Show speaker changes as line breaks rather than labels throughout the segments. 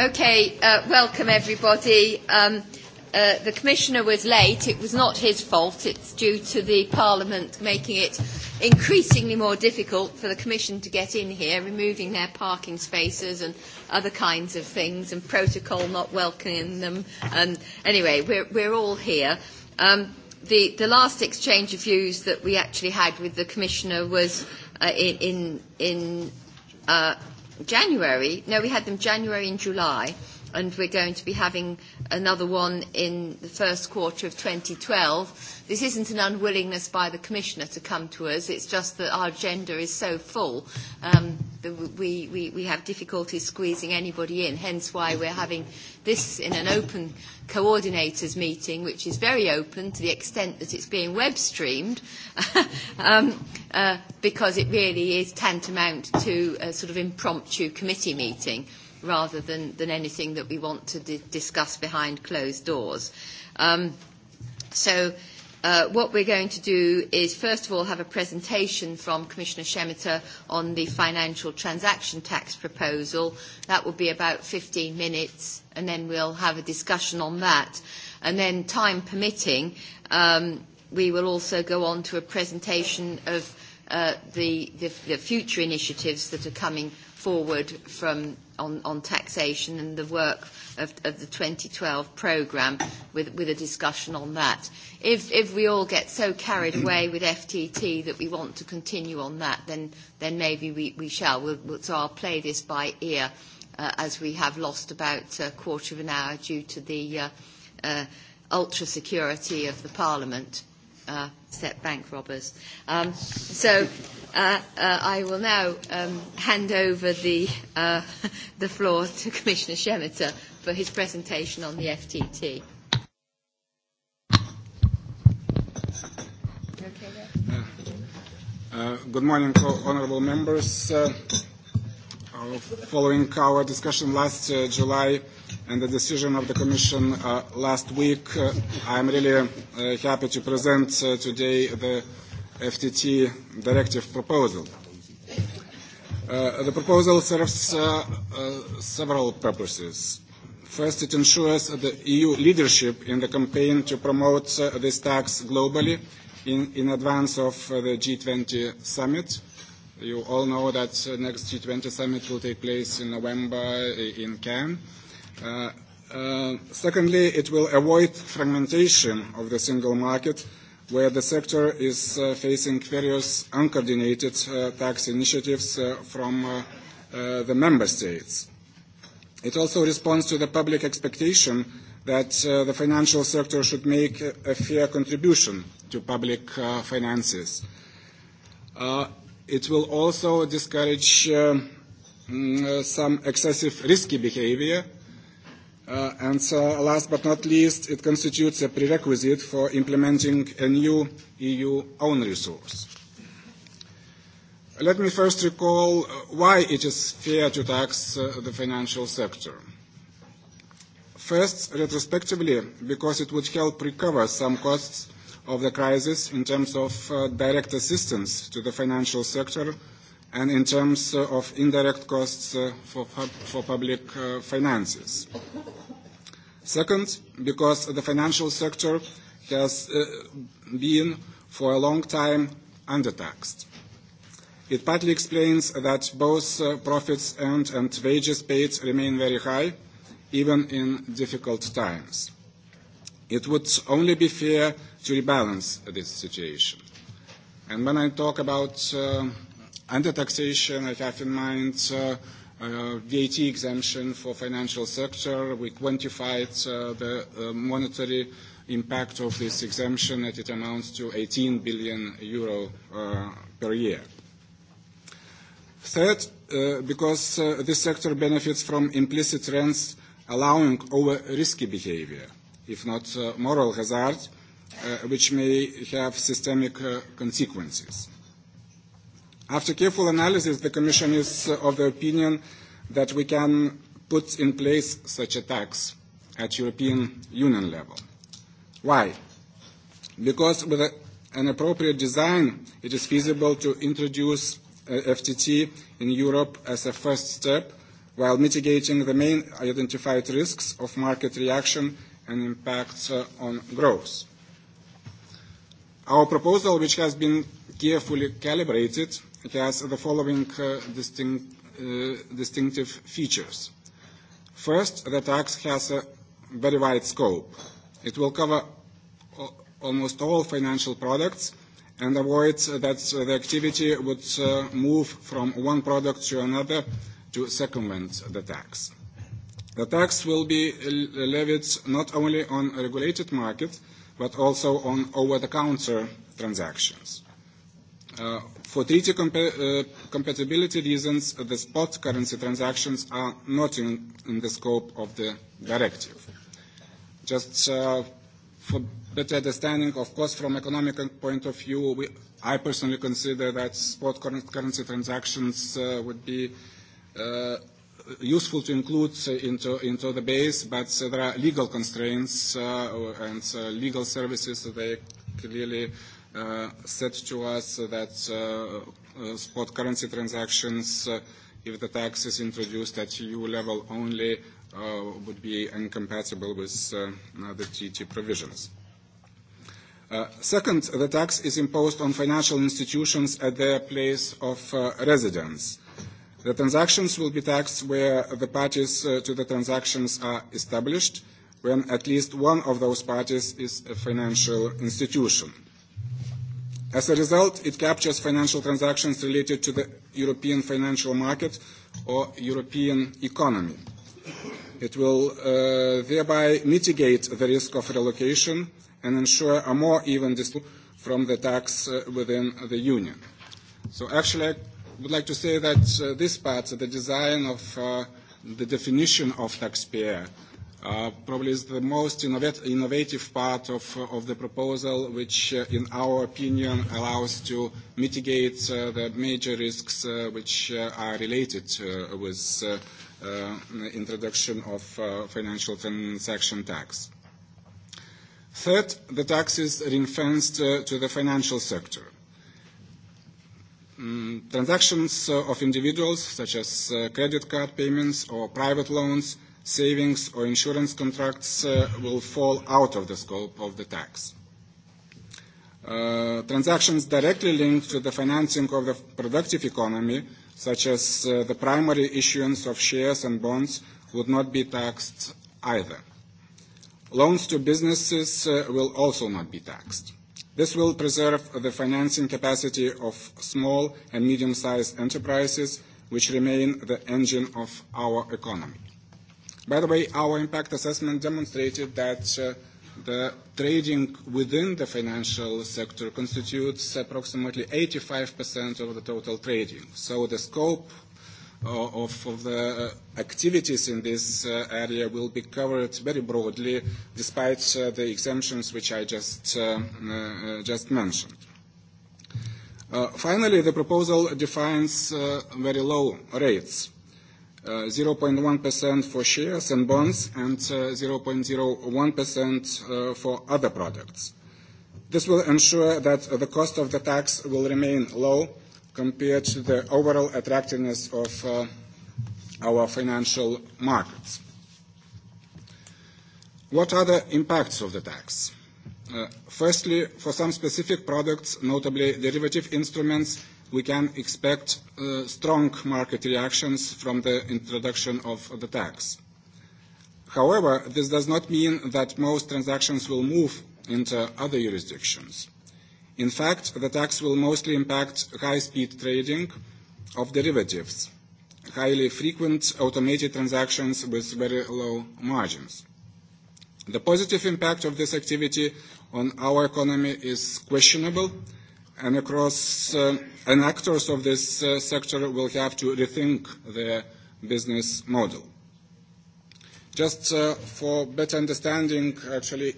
Okay, welcome everybody. The Commissioner was late. It was not his fault. It's due to the Parliament making it increasingly more difficult for the Commission to get in here, removing their parking spaces and other kinds of things, and protocol not welcoming them. And anyway, we're all here. The last exchange of views that we actually had with the Commissioner was in January, no, we had them January and July, and we're going to be having another one in the first quarter of 2012. This isn't an unwillingness by the Commissioner to come to us, it's just that our agenda is so full that we have difficulty squeezing anybody in, hence why we're having this in an open coordinators meeting, which is very open to the extent that it's being web streamed, because it really is tantamount to a sort of impromptu committee meeting rather than than anything that we want to discuss behind closed doors. So what we're going to do is, first of all, have a presentation from Commissioner Schemeter on the financial transaction tax proposal. That will be about 15 minutes, and then we'll have a discussion on that. And then, time permitting, we will also go on to a presentation of the the future initiatives that are coming forward from on on taxation and the work of of the 2012 programme with with a discussion on that. If if we all get so carried away with FTT that we want to continue on that, then then maybe we we shall. So I'll play this by ear, as we have lost about a quarter of an hour due to the ultra security of the Parliament. Set bank robbers. So I will now hand over the the floor to Commissioner Shemeter for his presentation on the FTT.
Good morning, honourable members. Following our discussion last July and the decision of the Commission last week. I am really happy to present today the FTT directive proposal. The proposal serves several purposes. First, it ensures the EU leadership in the campaign to promote this tax globally in advance of the G20 summit. You all know that the next G20 summit will take place in November in Cannes Secondly, it will avoid fragmentation of the single market, where the sector is facing various uncoordinated tax initiatives from the member states. It also responds to the public expectation that the financial sector should make a fair contribution to public finances. It will also discourage some excessive risky behavior And last but not least, it constitutes a prerequisite for implementing a new EU own resource. Let me first recall why it is fair to tax the financial sector. First, retrospectively, because it would help recover some costs of the crisis in terms of direct assistance to the financial sector and in terms of indirect costs for public finances. Second, because the financial sector has been for a long time undertaxed. It partly explains that both profits earned and wages paid remain very high, even in difficult times. It would only be fair to rebalance this situation. And when I talk about under taxation, I have in mind VAT exemption for financial sector. We quantified the monetary impact of this exemption and it amounts to 18 billion euro per year. Third, because this sector benefits from implicit trends allowing over risky behavior, if not moral hazard, which may have systemic consequences. After careful analysis, the Commission is of the opinion that we can put in place such a tax at European Union level. Why? Because with an appropriate design, it is feasible to introduce FTT in Europe as a first step while mitigating the main identified risks of market reaction and impacts on growth. Our proposal, which has been carefully calibrated It has the following distinctive features. First, the tax has a very wide scope. It will cover almost all financial products and avoids that the activity would move from one product to another to circumvent the tax. The tax will be levied not only on regulated markets, but also on over-the-counter transactions. For treaty compatibility reasons, the spot currency transactions are not in the scope of the directive. Just for better understanding, of course, from economic point of view, I personally consider that spot currency transactions would be useful to include into the base, but there are legal constraints and legal services they clearly said to us that spot currency transactions, if the tax is introduced at EU level only, would be incompatible with the treaty provisions. Second, the tax is imposed on financial institutions at their place of residence. The transactions will be taxed where the parties to the transactions are established, when at least one of those parties is a financial institution. As a result, it captures financial transactions related to the European financial market or European economy. It will thereby mitigate the risk of relocation and ensure a more even distribution from the tax within the Union. So actually, I would like to say that this part, the design of the definition of taxpayer, probably is the most innovative part of the proposal, which, in our opinion, allows to mitigate the major risks which are related with the introduction of financial transaction tax. Third, the tax is ring-fenced to the financial sector. Transactions of individuals, such as credit card payments or private loans, savings or insurance contracts will fall out of the scope of the tax. Transactions directly linked to the financing of the productive economy, such as the primary issuance of shares and bonds, would not be taxed either. Loans to businesses will also not be taxed. This will preserve the financing capacity of small and medium-sized enterprises, which remain the engine of our economy. By the way, our impact assessment demonstrated that the trading within the financial sector constitutes approximately 85% of the total trading. So the scope of the activities in this area will be covered very broadly, despite the exemptions which I just mentioned. Finally, the proposal defines very low rates. 0.1% for shares and bonds and 0.01% for other products. This will ensure that the cost of the tax will remain low compared to the overall attractiveness of our financial markets. What are the impacts of the tax? Firstly, for some specific products, notably derivative instruments, we can expect strong market reactions from the introduction of the tax. However, this does not mean that most transactions will move into other jurisdictions. In fact, the tax will mostly impact high-speed trading of derivatives, highly frequent automated transactions with very low margins. The positive impact of this activity on our economy is questionable and across and actors of this sector will have to rethink their business model. Just for better understanding, actually,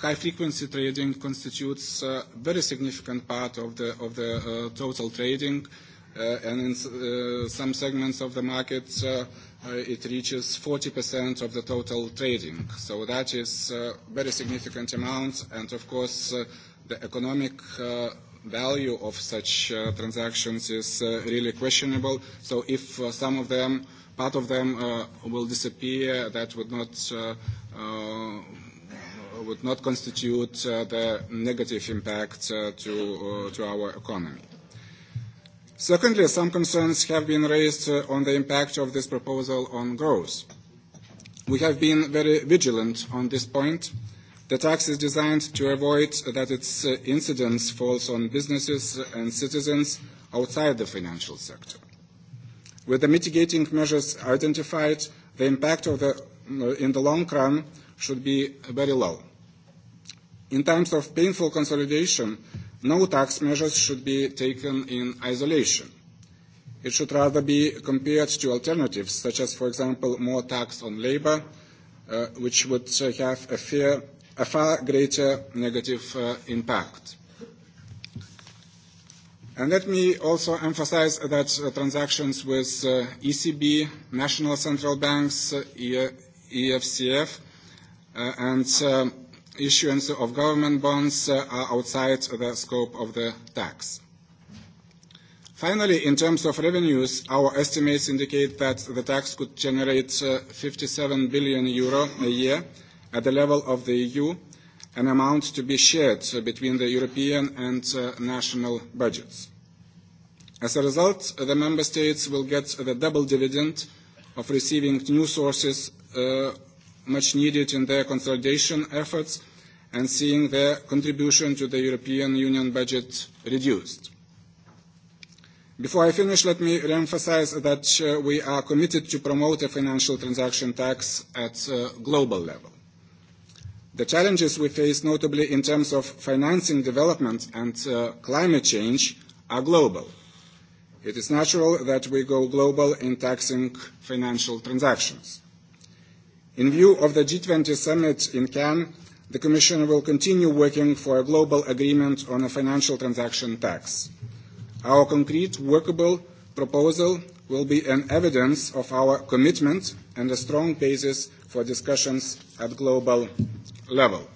high-frequency trading constitutes a very significant part of the of the total trading, and in some segments of the market it reaches 40% of the total trading. So that is a very significant amount, and of course the economic value of such transactions is really questionable. So if some of them, part of them will disappear, that would not would not constitute the negative impact to to our economy. Secondly, some concerns have been raised on the impact of this proposal on growth. We have been very vigilant on this point The tax is designed to avoid that its incidence falls on businesses and citizens outside the financial sector. With the mitigating measures identified, the impact in the long run should be very low. In times of painful consolidation, no tax measures should be taken in isolation. It should rather be compared to alternatives, such as, for example, more tax on labour, which would have a fair a far greater negative impact. And let me also emphasize that transactions with ECB, national central banks, EFCF, and issuance of government bonds are outside the scope of the tax. Finally, in terms of revenues, our estimates indicate that the tax could generate 57 billion euro a year at the level of the EU an amount to be shared between the European and national budgets. As a result, the Member States will get the double dividend of receiving new sources much needed in their consolidation efforts and seeing their contribution to the European Union budget reduced. Before I finish, let me re-emphasize that we are committed to promote a financial transaction tax at global level. The challenges we face, notably in terms of financing development and climate change, are global. It is natural that we go global in taxing financial transactions. In view of the G20 summit in Cannes, the Commission will continue working for a global agreement on a financial transaction tax. Our concrete, workable proposal will be an evidence of our commitment and a strong basis for discussions at global level.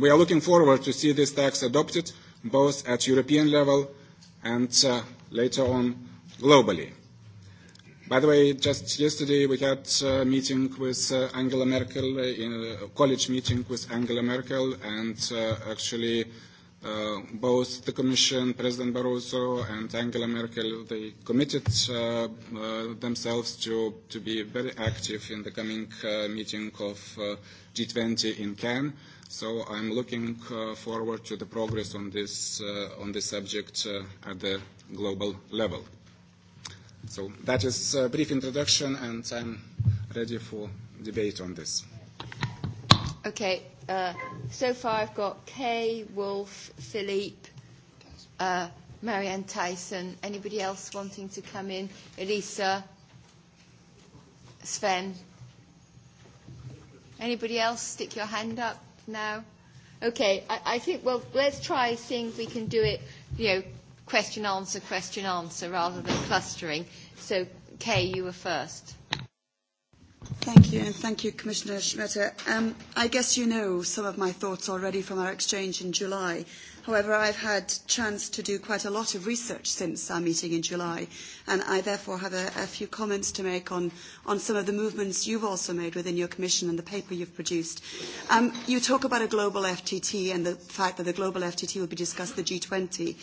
We are looking forward to see this tax adopted both at European level and later on globally. By the way, just yesterday we had a meeting with Angela Merkel, a college meeting with Angela Merkel, and actually both the Commission, President Barroso and Angela Merkel, they committed themselves to to be very active in the coming meeting of G20 in Cannes. So I'm looking forward to the progress on this on this subject at the global level. So that is a brief introduction, and I'm ready for debate on this.
Okay. Uh So far I've got Kay, Wolf, Philippe, Marianne Tyson. Anybody else wanting to come in? Elisa, Sven. Anybody else stick your hand up now? Okay, I think, well, let's try seeing if we can do it, you know, question answer, question answer rather than clustering. So, Kay, you were first.
Thank you, and thank you, Commissioner Schmetter. I guess you know some of my thoughts already from our exchange in July. However, I've had chance to do quite a lot of research since our meeting in July, and I therefore have a few comments to make on some of the movements you've also made within your Commission and the paper you've produced. You talk about a global FTT and the fact that the global FTT will be discussed the G20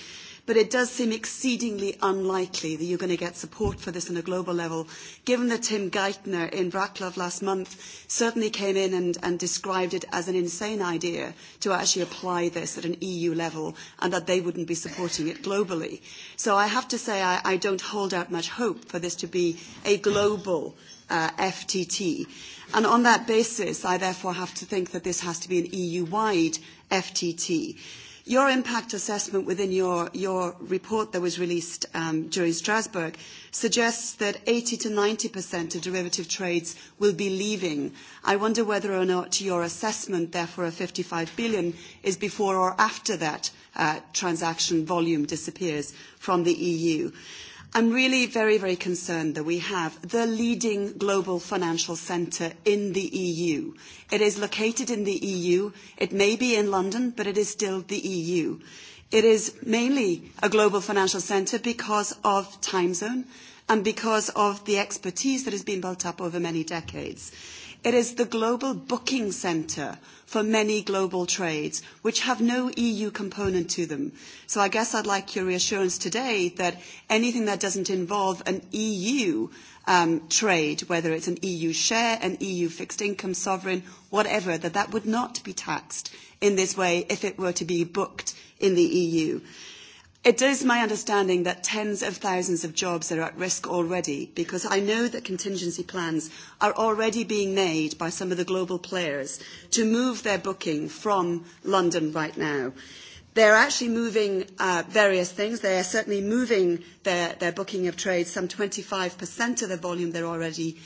but it does seem exceedingly unlikely that you're going to get support for this on a global level, given that Tim Geithner in Bratislava last month certainly came in and described it as an insane idea to actually apply this at an EU level and that they wouldn't be supporting it globally. So I have to say I don't hold out much hope for this to be a global FTT. And on that basis, I therefore have to think that this has to be an EU-wide FTT. Your impact assessment within your report that was released during Strasbourg suggests that 80 to 90% of derivative trades will be leaving. I wonder whether or not your assessment, therefore, of 55 billion is before or after that transaction volume disappears from the EU. I'm really very, very concerned that we have the leading global financial centre in the EU. It is located in the EU. It may be in London, but it is still the EU. It is mainly a global financial centre because of time zone and because of the expertise that has been built up over many decades. It is the global booking centre for many global trades, which have no EU component to them. So I guess I'd like your reassurance today that anything that doesn't involve an EU trade, whether it's an EU share, an EU fixed income sovereign, whatever, that that would not be taxed in this way if it were to be booked in the EU. It is my understanding that tens of thousands of jobs are at risk already because I know that contingency plans are already being made by some of the global players to move their booking from London right now. They're actually moving various things. They are certainly moving their their booking of trade, some 25% of the volume they are already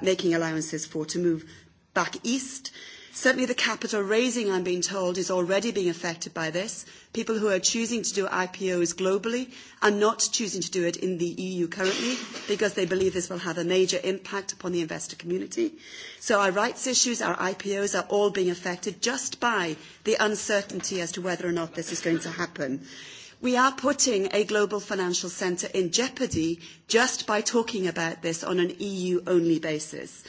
making allowances for, to move back east. Certainly the capital raising, I'm being told, is already being affected by this. People who are choosing to do IPOs globally are not choosing to do it in the EU currently because they believe this will have a major impact upon the investor community. So our rights issues, our IPOs are all being affected just by the uncertainty as to whether or not this is going to happen. We are putting a global financial centre in jeopardy just by talking about this on an EU-only basis.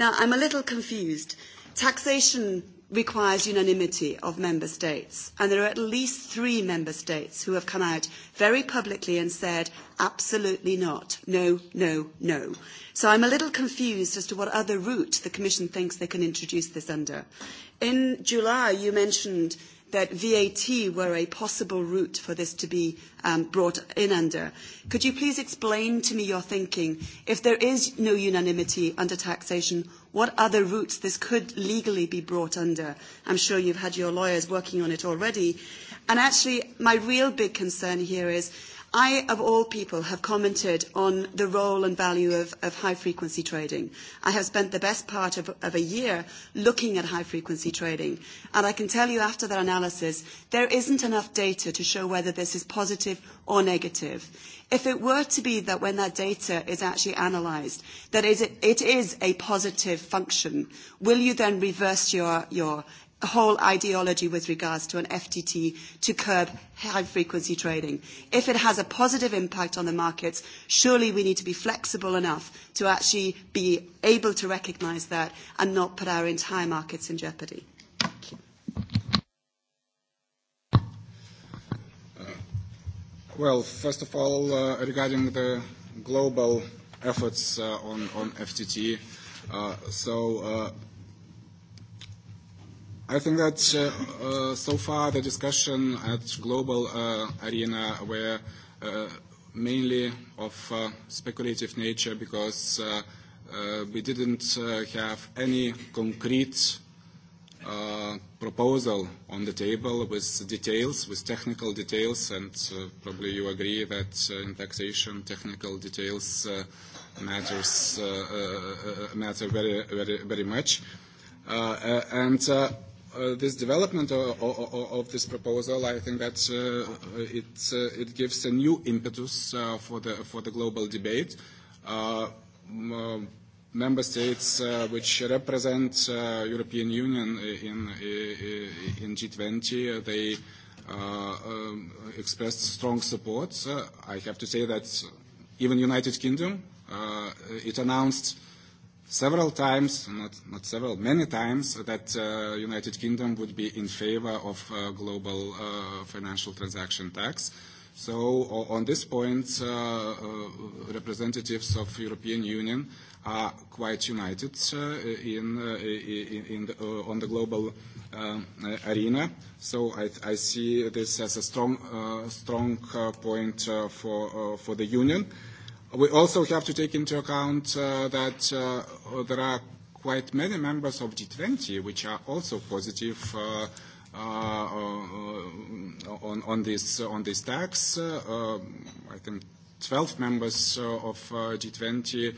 Now, I'm a little confused Taxation requires unanimity of member states, and there are at least three member states who have come out very publicly and said, absolutely not, no, no, no. So I'm a little confused as to what other route the Commission thinks they can introduce this under. In July, you mentioned that VAT were a possible route for this to be brought in under. Could you please explain to me your thinking? If there is no unanimity under taxation, what other routes this could legally be brought under? I'm sure you've had your lawyers working on it already. And actually, my real big concern here is I, of all people, have commented on the role and value of high-frequency trading. I have spent the best part of a year looking at high-frequency trading, and I can tell you after that analysis, there isn't enough data to show whether this is positive or negative. If it were to be that when that data is actually analysed, that it is a positive function, will you then reverse your The whole ideology with regards to an FTT to curb high-frequency trading. If it has a positive impact on the markets, surely we need to be flexible enough to actually be able to recognise that and not put our entire markets in jeopardy.
Well, first of all, regarding the global efforts on FTT, so I think that so far the discussion at global arena were mainly of speculative nature because we didn't have any concrete proposal on the table with details, with technical details, and probably you agree that in taxation technical details matters matter very, very, very much. And this development of this proposal, I think that it gives a new impetus for the global debate. Member states which represent European Union in G20, they expressed strong support. I have to say that even United Kingdom, it announced several times, not not several, many times, that the United Kingdom would be in favor of global financial transaction tax. So on this point, representatives of European Union are quite united in in on the global arena. So I see this as a strong strong point for for the Union. We also have to take into account that there are quite many members of G20 which are also positive on on this on this tax. I think 12 members of G20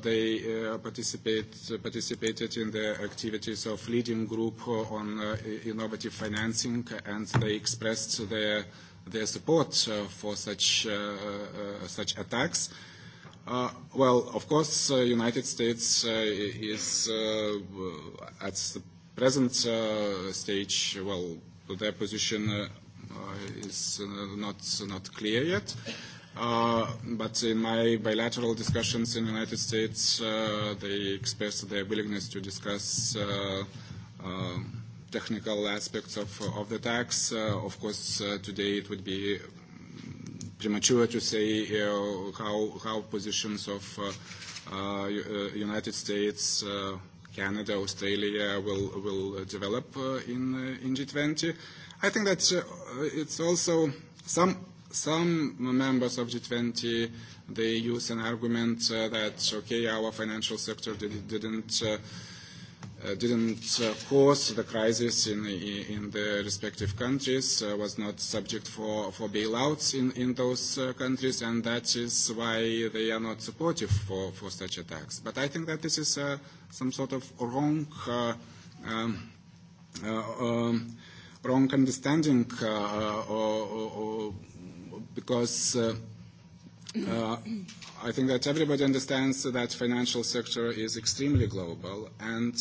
they participated in the activities of leading group on innovative financing and they expressed their their support for such such attacks. Well, of course, uh United States is at the present stage, well, their position is not not clear yet. But in my bilateral discussions in the United States, they expressed their willingness to discuss technical aspects of of the tax. Of course, today it would be premature to say how how positions of United States, Canada, Australia will will develop in in G20. I think that it's also some some members of G20 they use an argument that okay our financial sector didn't didn't cause the crisis in in the respective countries, was not subject for for bailouts in in those countries, and that is why they are not supportive for for such attacks. But I think that this is some sort of wrong wrong understanding, because I think that everybody understands that financial sector is extremely global, and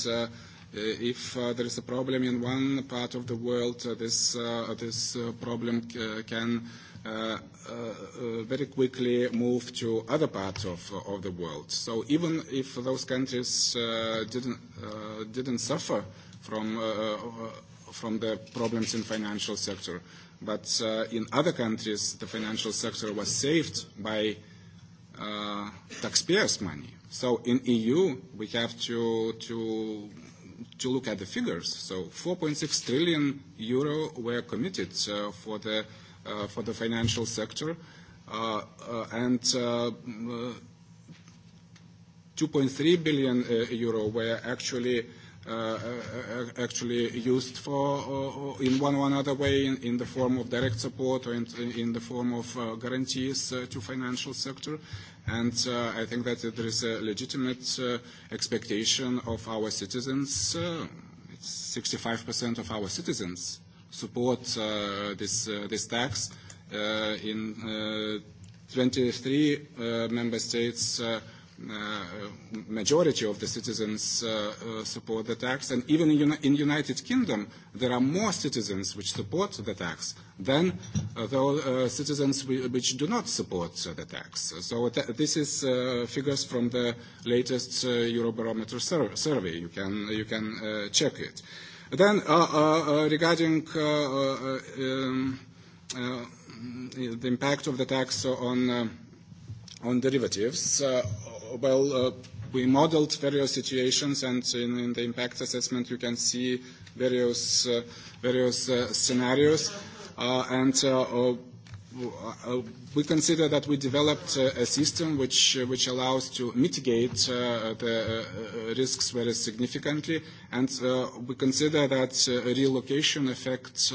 if there is a problem in one part of the world, this this problem can very quickly move to other parts of the world. So even if those countries didn't didn't suffer from from the problems in financial sector. But in other countries, the financial sector was saved by taxpayers' money. So in EU, we have to to to look at the figures. So 4.6 trillion euro were committed for the for the financial sector, and 2.3 billion euro were actually actually used for in one or another way in the form of direct support or in the form of guarantees to financial sector. And I think that there is a legitimate expectation of our citizens. 65% of our citizens support this this tax. In 23 member states majority of the citizens support the tax, and even in the United Kingdom there are more citizens which support the tax than the citizens which do not support the tax. So this is figures from the latest Eurobarometer survey. You can you can check it. Then regarding the impact of the tax on on derivatives. Well, we modeled various situations, and in the impact assessment you can see various various scenarios, and we consider that we developed a system which which allows to mitigate the risks very significantly, and we consider that relocation effects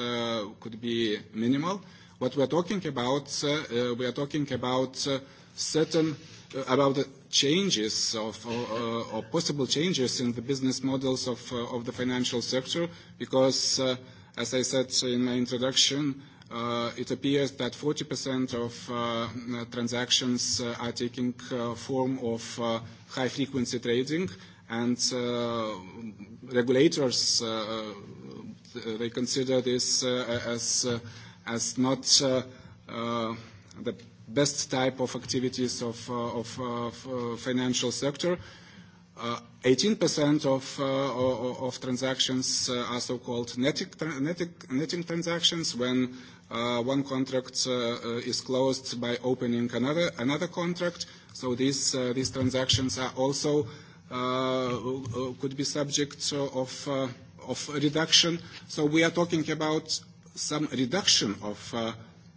could be minimal. What we are talking about, we are talking about certain about the changes of or possible changes in the business models of of the financial sector because as I said in my introduction it appears that 40% of transactions are taking form of high frequency trading and regulators they consider this as as not the best type of activities of, of financial sector. 18% of, of transactions are so-called netting transactions when one contract is closed by opening another, another contract. So these, these transactions are also could be subject of, of reduction. So we are talking about some reduction of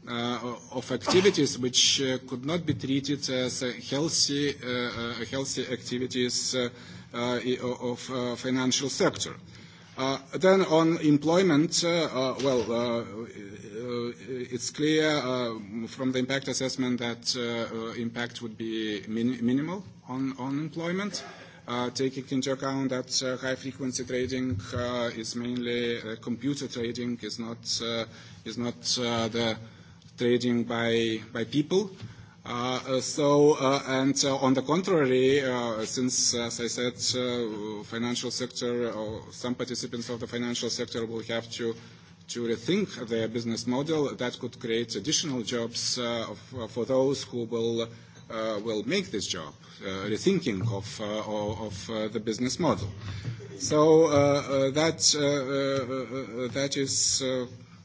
of activities which could not be treated as healthy activities of financial sector. Then on employment, well, it's clear from the impact assessment that impact would be minimal on employment, taking into account that high-frequency trading is mainly computer trading, is not the trading by by people. So and on the contrary, since as I said, financial sector or some participants of the financial sector will have to to rethink their business model. That could create additional jobs for those who will will make this job, rethinking of of the business model. So that that is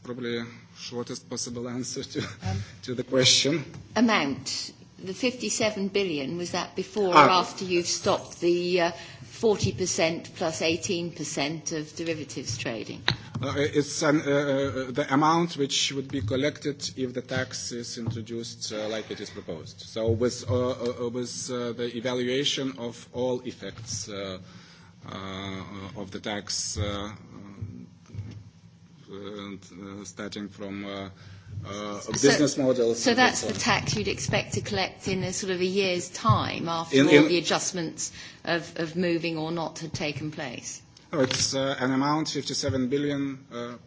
probably shortest possible answer to, to the question.
Amount. The 57 billion, was that before or after you've stopped the 40% plus 18% of derivatives trading?
It's the amount which would be collected if the tax is introduced like it is proposed. So with the evaluation of all effects of the tax starting from business models. So that's the tax
you'd expect to collect in a sort of a year's time after all the adjustments of moving or not had taken place?
It's an amount 57 billion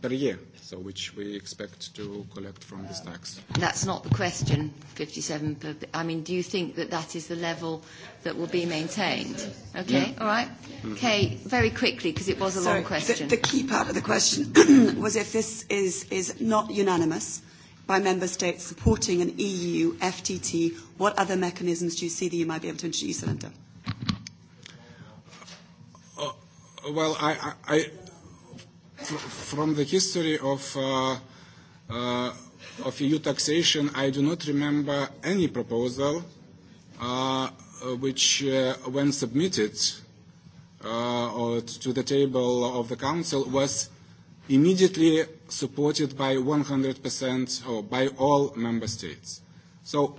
per year, so which we expect to collect from this tax.
That's not the question, 57 per. I mean, do you think that that is the level that will be maintained? Okay, all right. Okay, very quickly, because it was a long question. The key part of the
question
was if this is is
not unanimous by member states supporting an EU FTT, what other mechanisms do you see that you might be able to introduce, Linda?
Well, I, I, from the history of of EU taxation, I do not remember any proposal which, when submitted to the table of the Council, was immediately supported by 100% or by all member states. So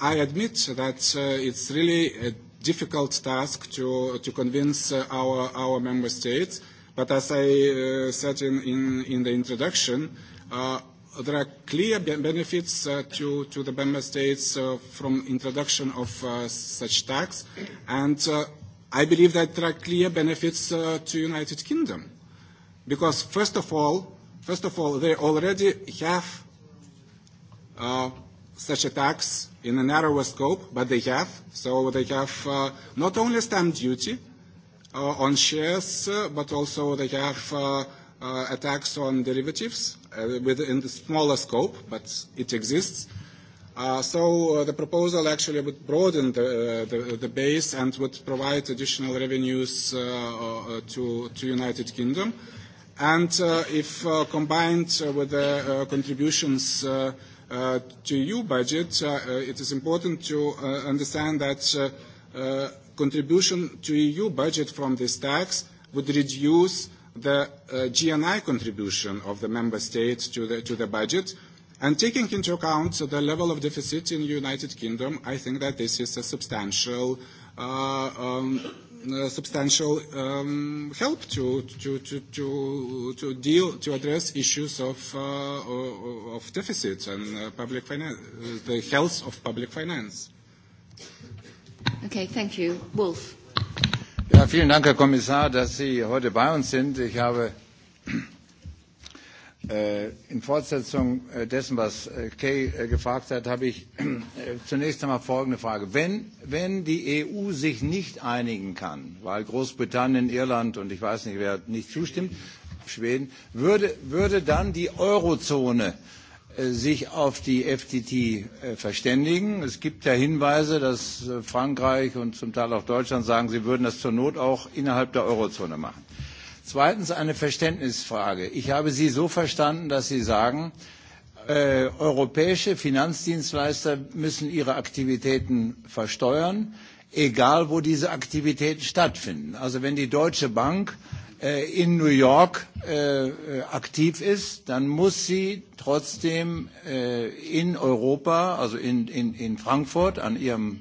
I admit that it's really difficult task to to convince our our member states. But as I said in in the introduction, there are clear benefits to to the member states from introduction of such tax, and I believe that there are clear benefits to United Kingdom, because first of all, first of all, they already have such attacks in a narrower scope, but they have. So they have not only stamp duty on shares, but also they have attacks on derivatives within the smaller scope, but it exists. So the proposal actually would broaden the base and would provide additional revenues to the United Kingdom. And if combined with the contributions to EU budget, it is important to understand that contribution to EU budget from this tax would reduce the GNI contribution of the member states to the budget. And taking into account the level of deficit in the United Kingdom, I think that this is a substantial substantial help to to to to deal to address issues of of deficits and public finance the health of public finance.
Okay, thank you. Wolf.
Ja, vielen Dank, Herr Kommissar, dass Sie heute bei uns sind. Ich habe In Fortsetzung dessen, was Kay gefragt hat, habe ich zunächst einmal folgende Frage. Wenn die EU sich nicht einigen kann, weil Großbritannien, Irland und ich weiß nicht, wer nicht zustimmt, Schweden, würde dann die Eurozone sich auf die FTT verständigen? Es gibt ja Hinweise, dass Frankreich und zum Teil auch Deutschland sagen, sie würden das zur Not auch innerhalb der Eurozone machen. Zweitens eine Verständnisfrage. Ich habe Sie so verstanden, dass Sie sagen, europäische Finanzdienstleister müssen ihre Aktivitäten versteuern, egal wo diese Aktivitäten stattfinden. Also wenn die Deutsche Bank in New York aktiv ist, dann muss sie trotzdem in Europa, also in Frankfurt an ihrem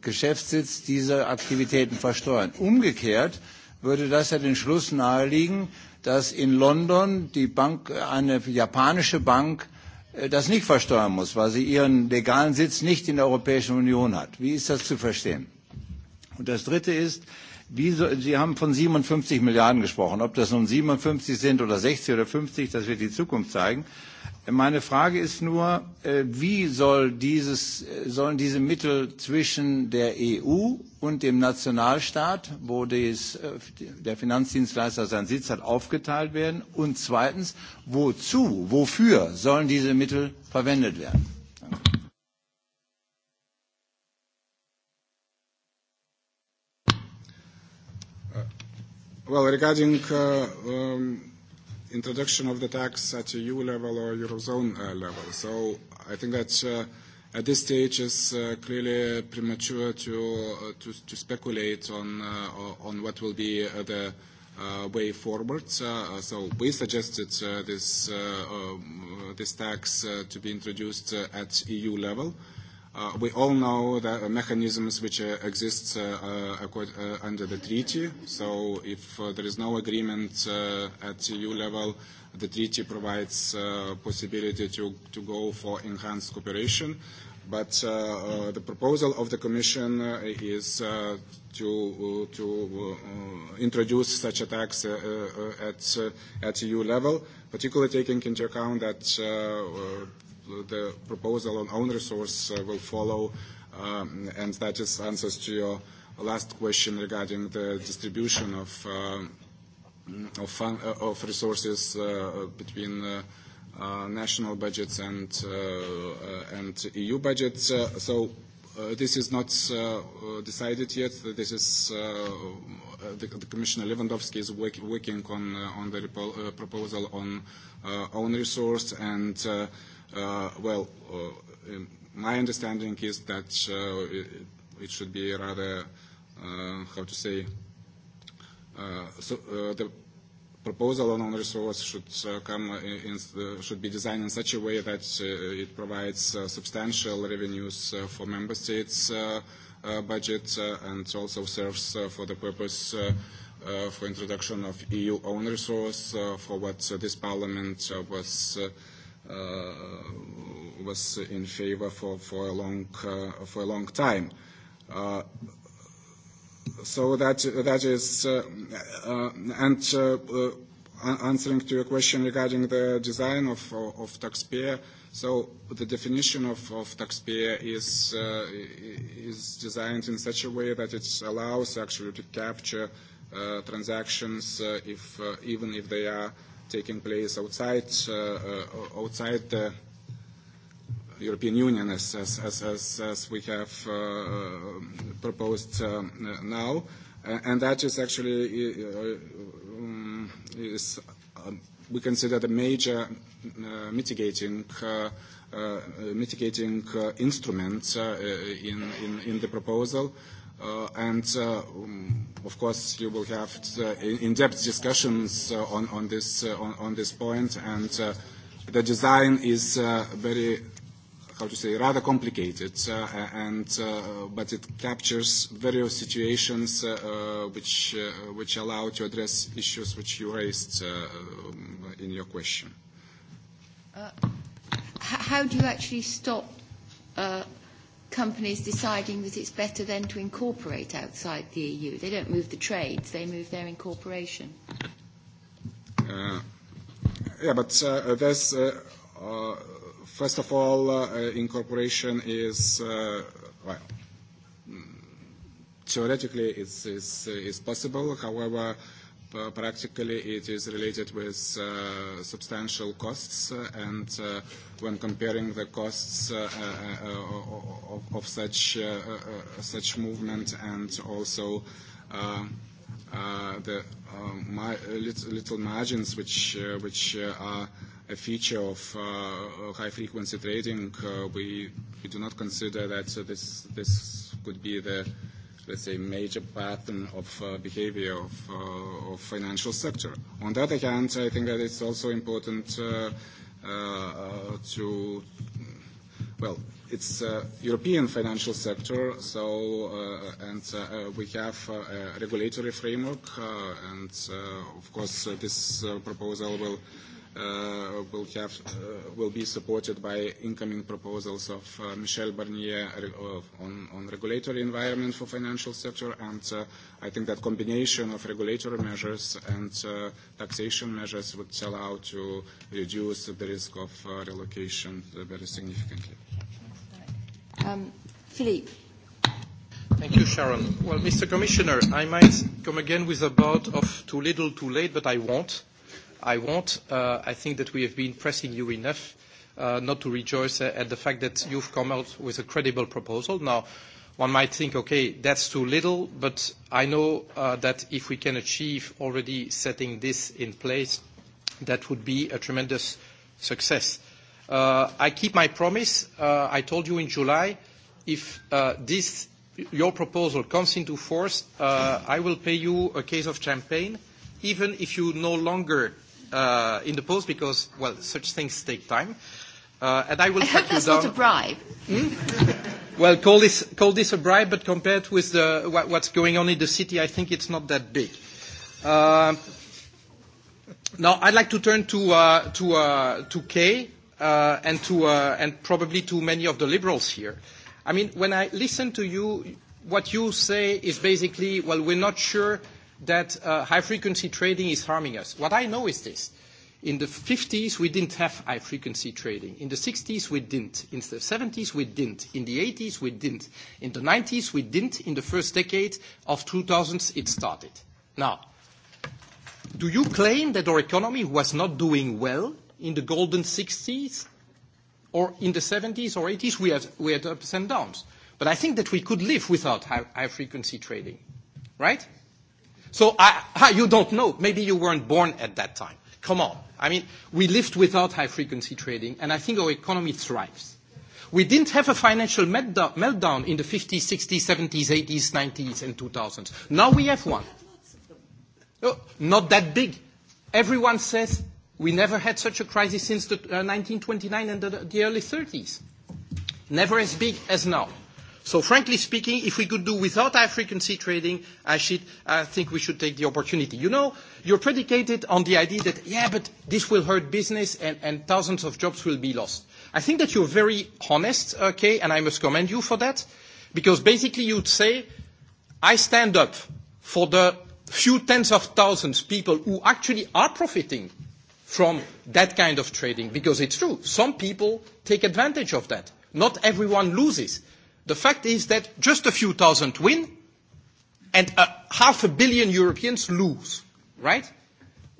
Geschäftssitz, diese Aktivitäten versteuern. Umgekehrt würde das ja den Schluss naheliegen, dass in London die Bank, eine japanische Bank das nicht versteuern muss, weil sie ihren legalen Sitz nicht in der Europäischen Union hat. Wie ist das zu verstehen? Und das Dritte ist, Sie haben von 57 Milliarden gesprochen. Ob das nun 57 sind oder 60 oder 50, das wird die Zukunft zeigen. Meine Frage ist nur, wie sollen diese Mittel zwischen der EU und dem Nationalstaat, wo der Finanzdienstleister seinen Sitz hat, aufgeteilt werden? Und zweitens, wozu, wofür sollen diese Mittel verwendet werden?
introduction of the tax at EU level or Eurozone level. So I think that at this stage it's clearly premature to to speculate on on what will be the way forward. So we suggested this this tax to be introduced at EU level. We all know the mechanisms which exist under the treaty. So if there is no agreement at EU level, the treaty provides possibility to go for enhanced cooperation. But the proposal of the Commission is to to introduce such attacks at EU level, particularly taking into account that the proposal on own resource will follow, and that is answers to your last question regarding the distribution of of resources between national budgets and and EU budgets. So this is not decided yet. This is the Commissioner Lewandowski is working on on the proposal on own resource and Well, my understanding is that it should be rather, how to say, the proposal on own resource should should be designed in such a way that it provides substantial revenues for member states' budget and also serves for the purpose for introduction of EU own resource for what this Parliament was was in favor for for a long for a long time. So that that is and answering to your question regarding the design of of taxpayer. So the definition of of taxpayer is is designed in such a way that it allows actually to capture transactions if even if they are taking place outside outside the European Union as as as as we have proposed now, and that is actually is we consider the major mitigating mitigating instrument in in the proposal and of course you will have in-depth discussions on on this on this point and the design is very how to say rather complicated and but it captures various situations which which allow to address issues which you raised in your question
how do you actually stop companies deciding that it's better then to incorporate outside the EU. They don't move the trades, they move their incorporation.
Yeah, but there's, first of all, incorporation is, well, theoretically it's possible. However, practically it is related with substantial costs and when comparing the costs of such such movement and also the little margins which which are a feature of high frequency trading we do not consider that this this could be the let's say, major pattern of behavior of financial sector. On the other hand, I think that it's also important to, well, it's European financial sector, so and we have a regulatory framework, and of course this proposal will will have will be supported by incoming proposals of Michel Barnier on on regulatory environment for financial sector and I think that combination of regulatory measures and taxation measures would allow to reduce the risk of relocation very significantly.
Philippe.
Thank you, Sharon. Well, Mr. Commissioner, I might come again with a bout of too little, too late, but I won't I won't. I think that we have been pressing you enough not to rejoice at the fact that you've come out with a credible proposal. Now, one might think, okay, that's too little, but I know that if we can achieve already setting this in place, that would be a tremendous success. I keep my promise. I told you in July, if this your proposal comes into force, I will pay you a case of champagne, even if you no longer in the post because, well, such things take time. And I will hope that's not a bribe. Well, call this call this a bribe, but compared with the what's going on in the city, I think it's not that big. Now, I'd like to turn to to to Kay and to and probably to many of the liberals here. I mean, when I listen to you, what you say is basically, well, we're not sure that high-frequency trading is harming us. What I know is this. In the 50s, we didn't have high-frequency trading. In the 60s, we didn't. In the 70s, we didn't. In the 80s, we didn't. In the 90s, we didn't. In the first decade of 2000s, it started. Now, do you claim that our economy was not doing well in the golden 60s or in the 70s or 80s? We had, we had ups and downs. But I think that we could live without high-frequency trading, right? So I you don't know. Maybe you weren't born at that time. Come on. I mean, we lived without high-frequency trading, and I think our economy thrives. We didn't have a financial meltdown in the 50s, 60s, 70s, 80s, 90s, and 2000s. Now we have one. Not that big. Everyone says we never had such a crisis since 1929 and the early 30s. Never as big as now. So frankly speaking, if we could do without high frequency trading, I think we should take the opportunity. You know, you're predicated on the idea that, yeah, but this will hurt business and thousands of jobs will be lost. I think that you're very honest, okay, and I must commend you for that, because basically you'd say, I stand up for the few tens of thousands people who actually are profiting from that kind of trading, because it's true. Some people take advantage of that. Not everyone loses. The fact is that just a few thousand win and half a billion Europeans lose, right?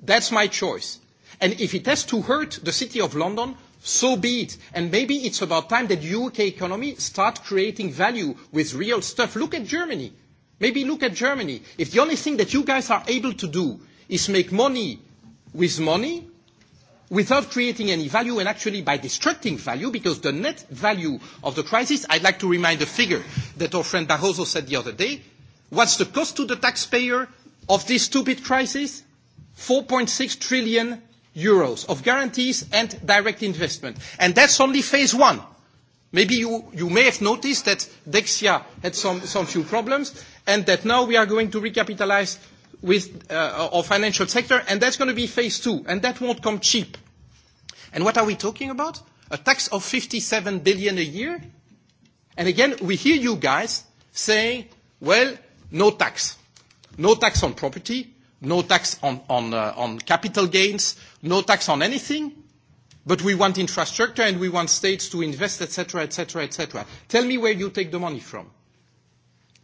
That's my choice. And if it has to hurt the city of London, so be it. And maybe it's about time that the UK economy start creating value with real stuff. Look at Germany. Maybe look at Germany. If the only thing that you guys are able to do is make money with money, without creating any value and actually by destructing value because the net value of the crisis, I'd like to remind the figure that our friend Barroso said the other day, what's the cost to the taxpayer of this stupid crisis? 4.6 trillion euros of guarantees and direct investment. And that's only phase one. Maybe you may have noticed that Dexia had some few problems and that now we are going to recapitalize with our financial sector, and that's going to be phase two, and that won't come cheap. And what are we talking about? A tax of 57 billion a year? And again, we hear you guys saying, well, no tax. No tax on property, no tax on capital gains, no tax on anything, but we want infrastructure and we want states to invest, etc., etc., etc. Tell me where you take the money from.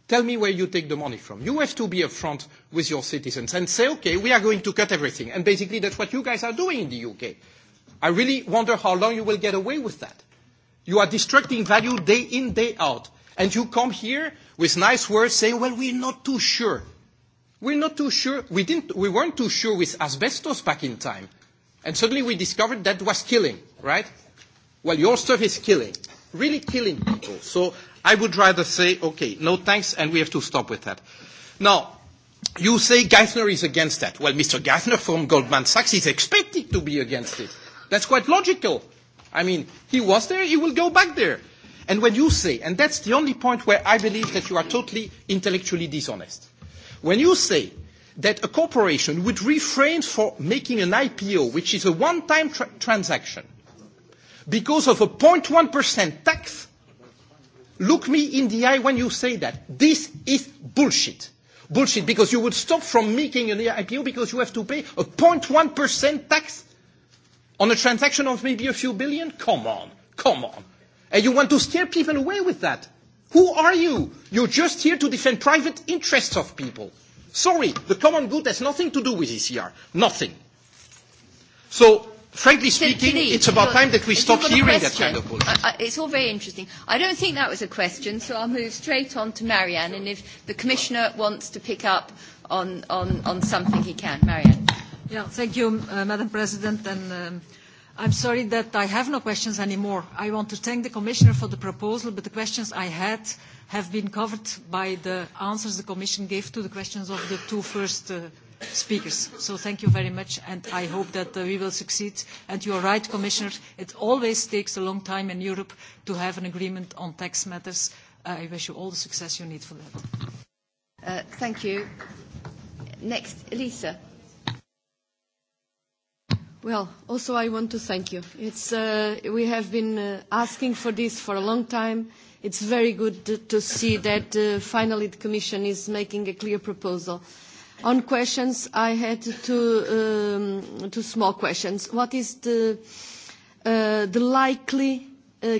Tell me where you take the money from. You have to be upfront with your citizens and say, okay, we are going to cut everything. And basically that's what you guys are doing in the UK. I really wonder how long you will get away with that. You are destructing value day in, day out. And you come here with nice words saying, well, we're not too sure. We're not too sure. We, didn't, we weren't too sure with asbestos back in time. And suddenly we discovered that was killing, right? Well, your stuff is killing, really killing people. So I would rather say, okay, no thanks, and we have to stop with that. Now, you say Geithner is against that. Well, Mr. Geithner from Goldman Sachs is expected to be against it. That's quite logical. I mean, he was there, he will go back there. And when you say, and that's the only point where I believe that you are totally intellectually dishonest, when you say that a corporation would refrain from making an IPO, which is a one-time transaction, because of a 0.1% tax Look me in the eye when you say that. This is bullshit. Bullshit, because you would stop from making an IPO because you have to pay a 0.1% tax on a transaction of maybe a few billion? Come on, come on. And you want to scare people away with that? Who are you? You're just here to defend private interests of people. Sorry, the common good has nothing to do with ECR. Nothing. So Frankly speaking, it's about time that we stop hearing that kind of bullshit.
It's all very interesting. I don't think that was a question, so I'll move straight on to Marianne. And if the Commissioner wants to pick up on, on, on something, he can. Marianne. Yeah, thank you, Madam President. And I'm sorry that I have no
questions anymore. I want to thank the Commissioner for the proposal, but the questions I had have been covered by the answers the Commission gave to the questions of the two first speakers. So thank you very much, and I hope that we will succeed. And you are right, Commissioner, it always takes a long time in Europe to have an agreement on tax matters. I wish you all the success
you need for that. Thank you. Next, Elisa. Well, also I want to thank you. We have been asking for this for a long time. It's very good to see that finally the Commission is making a clear proposal On questions, I had two small questions. What is the likely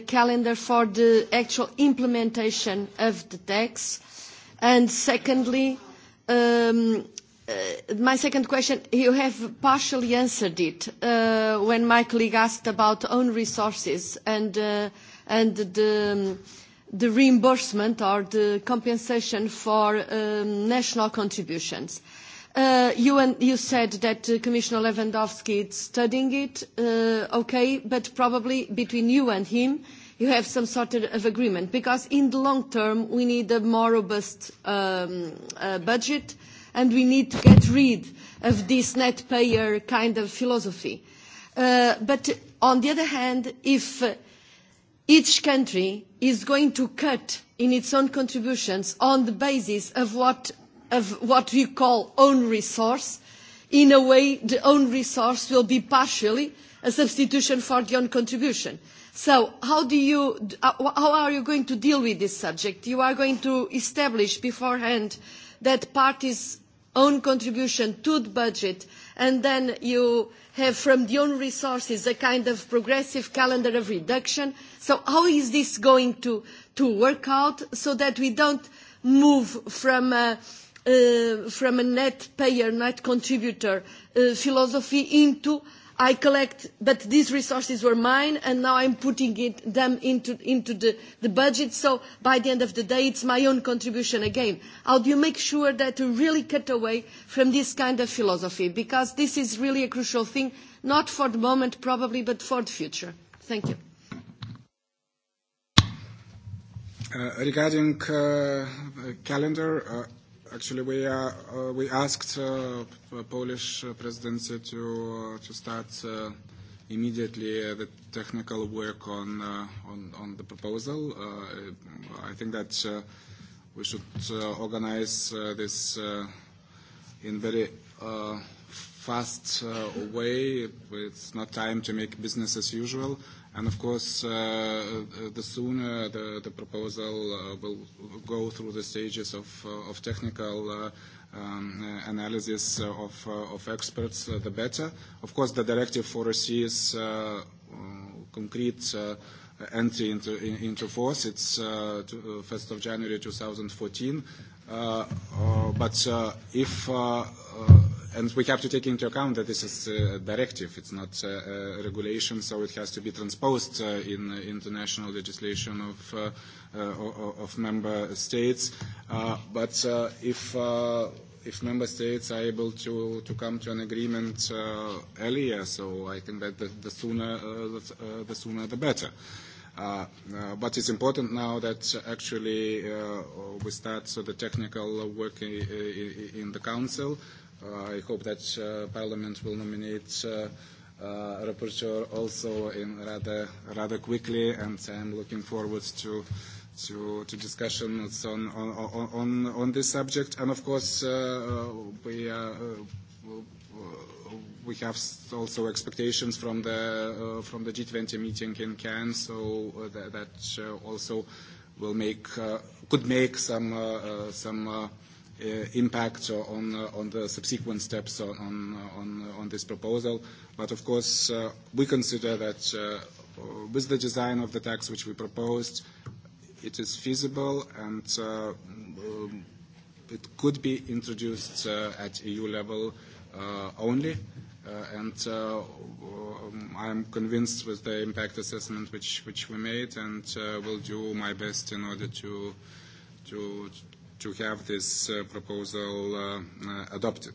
calendar for the actual implementation of the tax? And secondly, my second question, you have partially answered it when my colleague asked about own resources and the the reimbursement or the compensation for national contributions. You said that Commissioner Lewandowski is studying it. Okay, but probably between you and him, you have some sort of agreement, because in the long term, we need a more robust budget, and we need to get rid of this net payer kind of philosophy. But on the other hand, if each country is going to cut in its own contributions on the basis of what we call own resource. In a way, the own resource will be partially a substitution for the own contribution. So how are you going to deal with this subject? You are going to establish beforehand that parties' own contribution to the budget and then you have from the own resources a kind of progressive calendar of reduction. So how is this going to work out so that we don't move from a net payer, net contributor philosophy into I collect, but these resources were mine, and now I'm putting them into the budget. So by the end of the day, it's my own contribution again. How do you make sure that you really cut away from this kind of philosophy? Because this is really a crucial thing, not for the moment probably, but for the future. Thank
you. Regarding calendar Actually, we uh, we asked uh, Polish presidency to uh, to start uh, immediately the technical work on uh, on on the proposal. Uh, I think that uh, we should uh, organize uh, this uh, in very fast way. It's not time to make business as usual. And of course, the sooner the proposal will go through the stages of technical analysis of experts, the better. Of course, the directive foresees concrete entry into force. It's 1st of January 2014. But if And we have to take into account that this is a directive, it's not a regulation, so it has to be transposed in international legislation of of member states. But if if member states are able to to come to an agreement earlier, so I think that the sooner the sooner the better. But it's important now that actually we start so the technical work in the Council. I hope that Parliament will nominate rapporteur also in rather rather quickly, and I am looking forward to to to discussions on on on on this subject. And of course, we we have also expectations from the from the G20 meeting in Cannes, so that also will make could make some some impact on the subsequent steps on this proposal. But of course, we consider that with the design of the tax which we proposed, it is feasible and it could be introduced at EU level only. And I am convinced with the impact assessment which we made and will do my best in order to to have this proposal adopted.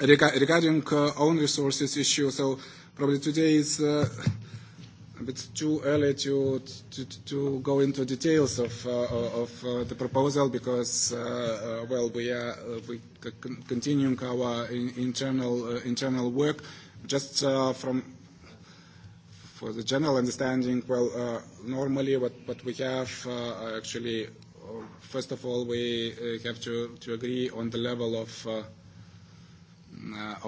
Regarding own resources issue, so probably today is a bit too early to to go into details of of the proposal because well we are we continuing our internal internal work just from for the general understanding well normally what what we have actually first of all, we have to agree on the level of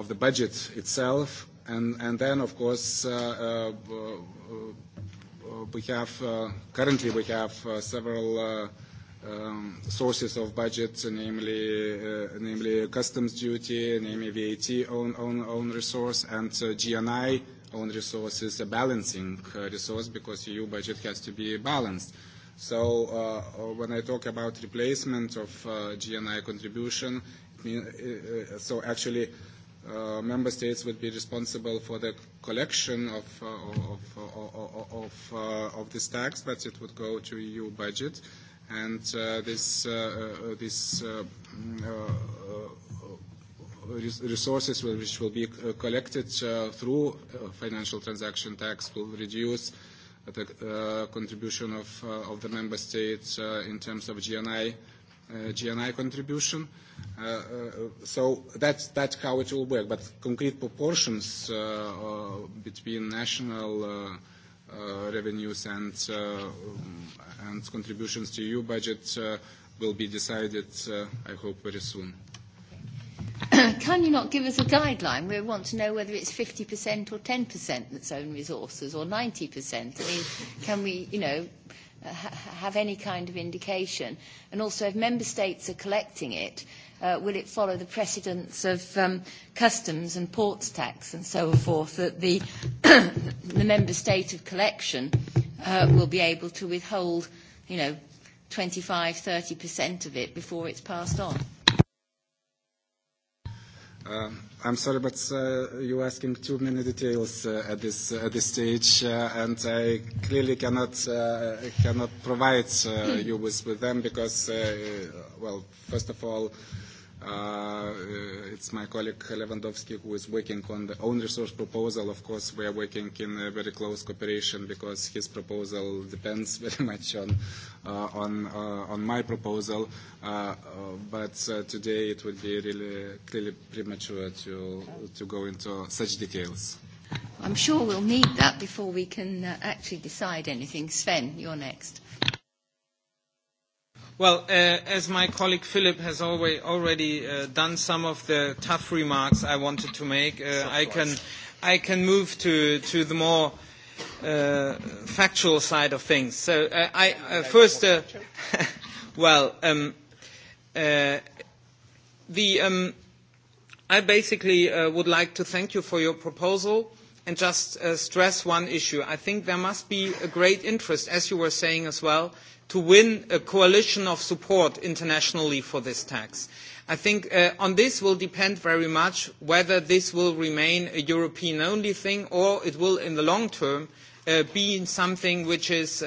the budget itself, and then, of course, we have currently we have several sources of budget, namely namely customs duty, namely VAT own resource, and GNI own resource is a balancing resource because EU budget has to be balanced. So when I talk about replacement of GNI contribution, so actually member states would be responsible for the collection of of of this tax, but it would go to EU budget, and this this resources which will be collected through financial transaction tax will reduce the contribution of the member states in terms of GNI GNI contribution. So that's that's how it will work. But concrete proportions between national revenues and and contributions to EU budget will be decided, I hope, very soon.
Can you not give us a guideline? We want to know whether it's 50% or 10% that's own resources or 90%. I mean, can we, you know, have any kind of indication? And also, if member states are collecting it, will it follow the precedence of customs and ports tax and so forth that the member state of collection will be able to withhold, you know, 25, 30% of it before it's passed on?
I'm sorry, but you're asking too many details at this at this stage, and I clearly cannot cannot provide you with with them because, well, first of all It's my colleague Lewandowski who is working on the own resource proposal. Of course, we are working in very close cooperation because his proposal depends very much on on my proposal. But today it would be really clearly premature to go into such details.
I'm sure we'll need that before we can actually decide anything. Sven, you're next.
Well,
as my colleague Philip has already done some of the tough remarks I wanted to make, I can I can move to to the more factual side of things. So I first, well, the I basically would like to thank you for your proposal and just stress one issue. I think there must be a great interest, as you were saying as well to win a coalition of support internationally for this tax. I think on this will depend very much whether this will remain a European-only thing or it will, in the long term, be something which is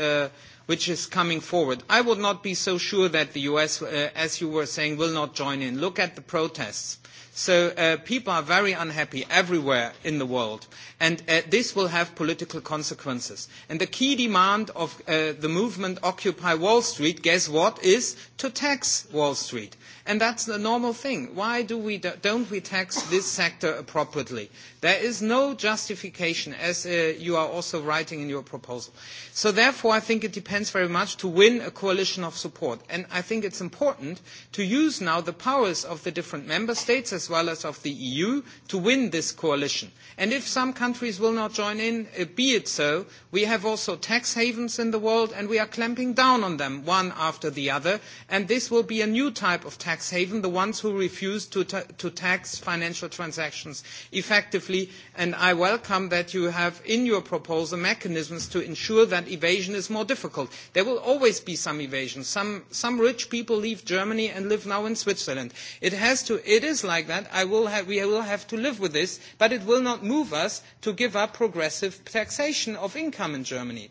coming forward. I would not be so sure that the US, as you were saying, will not join in. Look at the protests So people are very unhappy everywhere in the world, and this will have political consequences. And the key demand of the movement Occupy Wall Street, guess what, is to tax Wall Street and that's the normal thing. Why do we don't we tax this sector appropriately? There is no justification, as you are also writing in your proposal. So therefore, I think it depends very much to win a coalition of support. And I think it's important to use now the powers of the different member states as well as of the EU to win this coalition. And if some countries will not join in, be it so, we have also tax havens in the world and we are clamping down on them one after the other. And this will be a new type of tax tax haven, the ones who refuse to tax financial transactions effectively. And I welcome that you have in your proposal mechanisms to ensure that evasion is more difficult. There will always be some evasion. Some rich people leave Germany and live now in Switzerland. It is like that. We will have to live with this, but it will not move us to give up progressive taxation of income in Germany.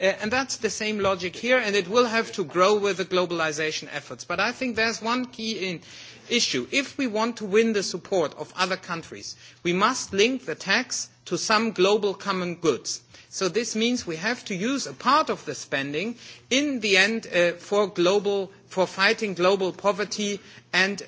And that's the same logic here, and it will have to grow with the globalization efforts. But I think there's one one key issue. If we want to win the support of other countries, we must link the tax to some global common goods. So this means we have to use a part of the spending in the end for fighting global poverty and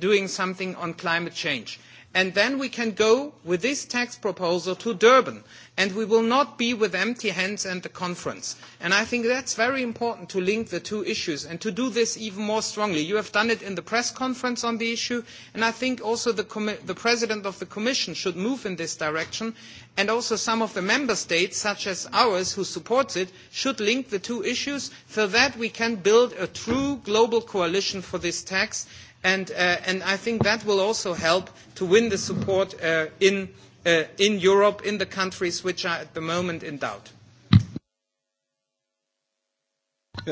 doing something on climate change and then we can go with this tax proposal to durban and we will not be with empty hands at the conference. i think that is very important to link the two issues and to do this even more strongly. you have done it in the press conference on the issue and i think also the president of the commission should move in this direction and also some of the member states such as ours who support it should link the two issues so that we can build a true global coalition for this tax and I think that will also help to win the support in Europe, in the countries which are at the moment in doubt.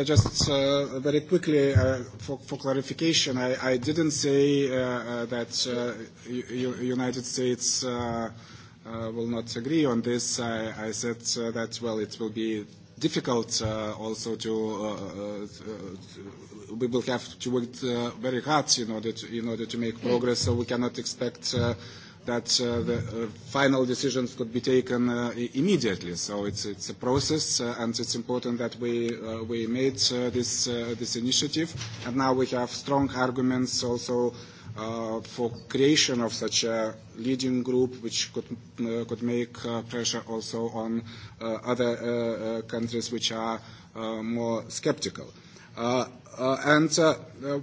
Just very quickly for clarification, I didn't say that United States will not agree on this. I said that, well, it will be difficult also to we will have to work very hard in order to in order to make progress. So we cannot expect that the final decisions could be taken immediately. So it's it's a process, and it's important that we we made this this initiative, and now we have strong arguments also for creation of such a leading group which could could make pressure also on other countries which are more skeptical. And,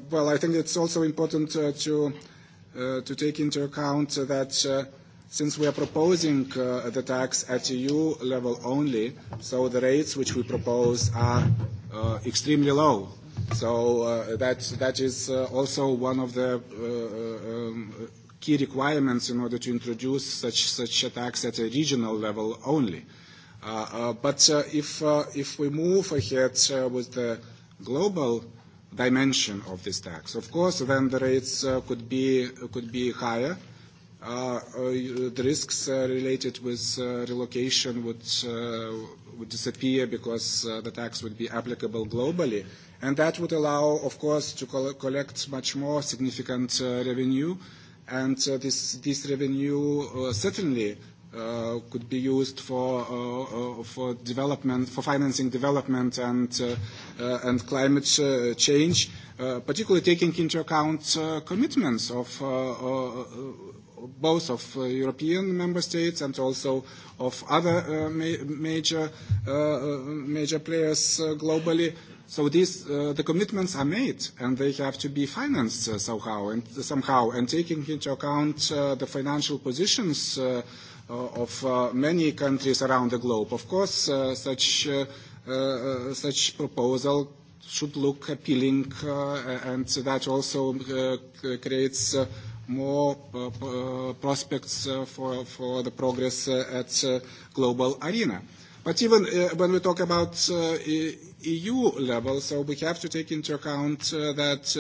well, I think it's also important to to take into account that since we are proposing the tax at EU level only, so the rates which we propose are extremely low. So that that is also one of the key requirements in order to introduce such such a tax at a regional level only. But if if we move ahead with the global dimension of this tax. Of course, then the rates could be could be higher. The risks related with relocation would would disappear because the tax would be applicable globally, and that would allow, of course, to collect much more significant revenue, and this this revenue certainly could be used for for development, for financing development and and climate change, particularly taking into account commitments of both of European member states and also of other major major players globally. So these the commitments are made and they have to be financed somehow and somehow and taking into account the financial positions of many countries around the globe. Of course, such such proposal should look appealing and that also creates more prospects for for the progress at global arena. But even when we talk about EU level, so we have to take into account that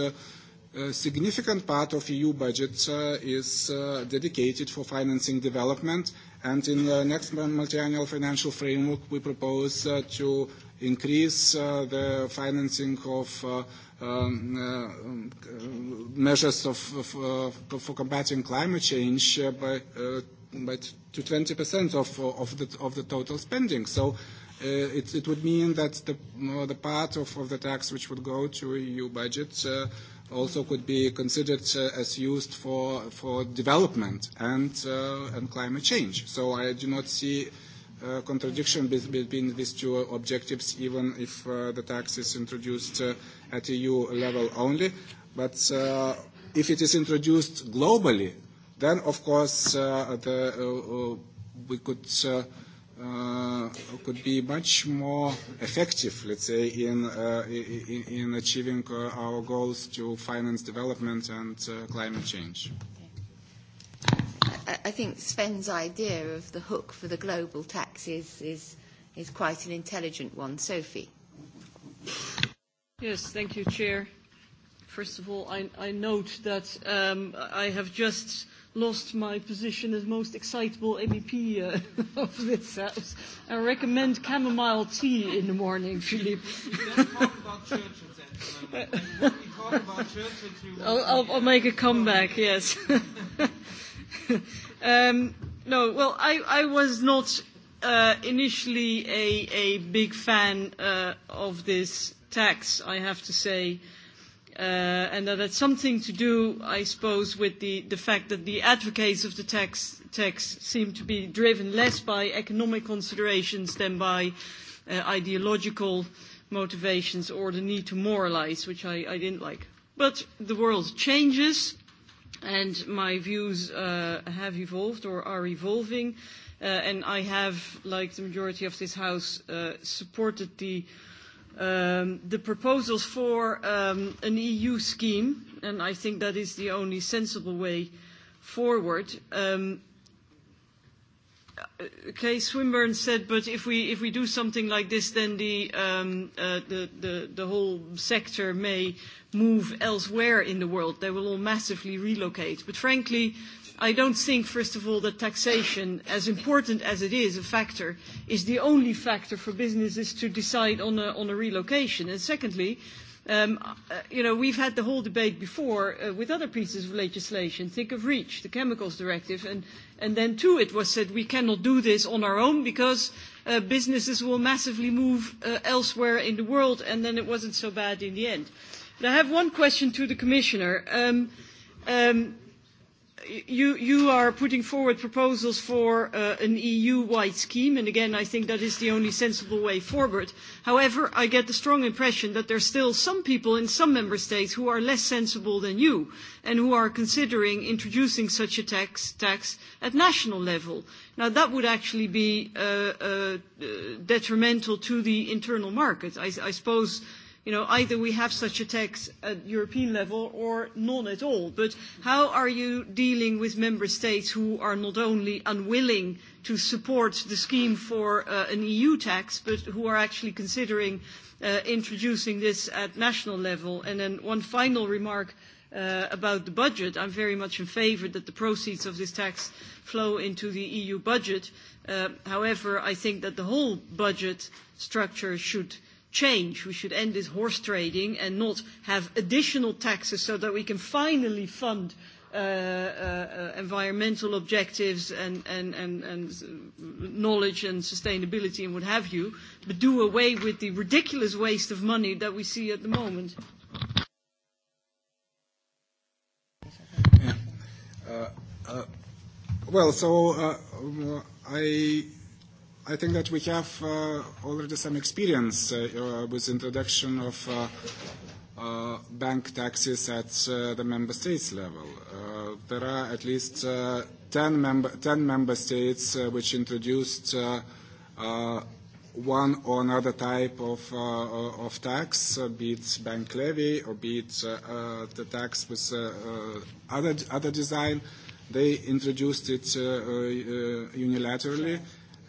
A significant part of EU budget is dedicated for financing development, and in the next multiannual financial framework, we propose to increase the financing of measures for combating climate change by to 20% of the total spending. So it would mean that the part of the tax which would go to EU budget also could be considered as used for for development and and climate change. So I do not see contradiction between these two objectives, even if the tax is introduced at EU level only. But if it is introduced globally, then of course we could could be much more effective, let's say, in in achieving our goals to finance development and climate change.
I think Sven's idea of the hook for the global tax is is is quite an intelligent one. Sophie.
Yes, thank you, Chair. First of all, I note that I have just lost my position as most excitable MEP of this house. I recommend chamomile tea in the morning, Philippe. I'll make a comeback, yes. No, well, I I was not initially a big fan of this tax, I have to say and that had something to do, I suppose, with the fact that the advocates of the text seem to be driven less by economic considerations than by ideological motivations or the need to moralise, which I didn't like. But the world changes, and my views have evolved or are evolving, and I have, like the majority of this House, supported the the proposals for an EU scheme, and I think that is the only sensible way forward. Kay Swinburne said, but if we if we do something like this, then the the the whole sector may move elsewhere in the world. They will all massively relocate. But frankly I don't think, first of all, that taxation, as important as it is a factor, is the only factor for businesses to decide on a relocation. And secondly, we've had the whole debate before with other pieces of legislation. Think of REACH, the chemicals directive, and then too it was said we cannot do this on our own because businesses will massively move elsewhere in the world, and then it wasn't so bad in the end. I have one question to the Commissioner you are putting forward proposals for an EU-wide scheme, and again, I think that is the only sensible way forward. However, I get the strong impression that there are still some people in some member states who are less sensible than you and who are considering introducing such a tax at national level. Now, that would actually be detrimental to the internal market. I suppose You know, either we have such a tax at European level or none at all. But how are you dealing with member states who are not only unwilling to support the scheme for an EU tax, but who are actually considering introducing this at national level? And then one final remark about the budget. I'm very much in favour that the proceeds of this tax flow into the EU budget. However, I think that the whole budget structure should change. We should end this horse trading and not have additional taxes so that we can finally fund environmental objectives and knowledge and sustainability and what have you, but do away with the ridiculous waste of money that we see at the moment.
Well, so I I think that we have already some experience with introduction of bank taxes at the member states level. There are at least 10 member states which introduced one or another type of of tax, be it bank levy or be it the tax with other design. They introduced it unilaterally.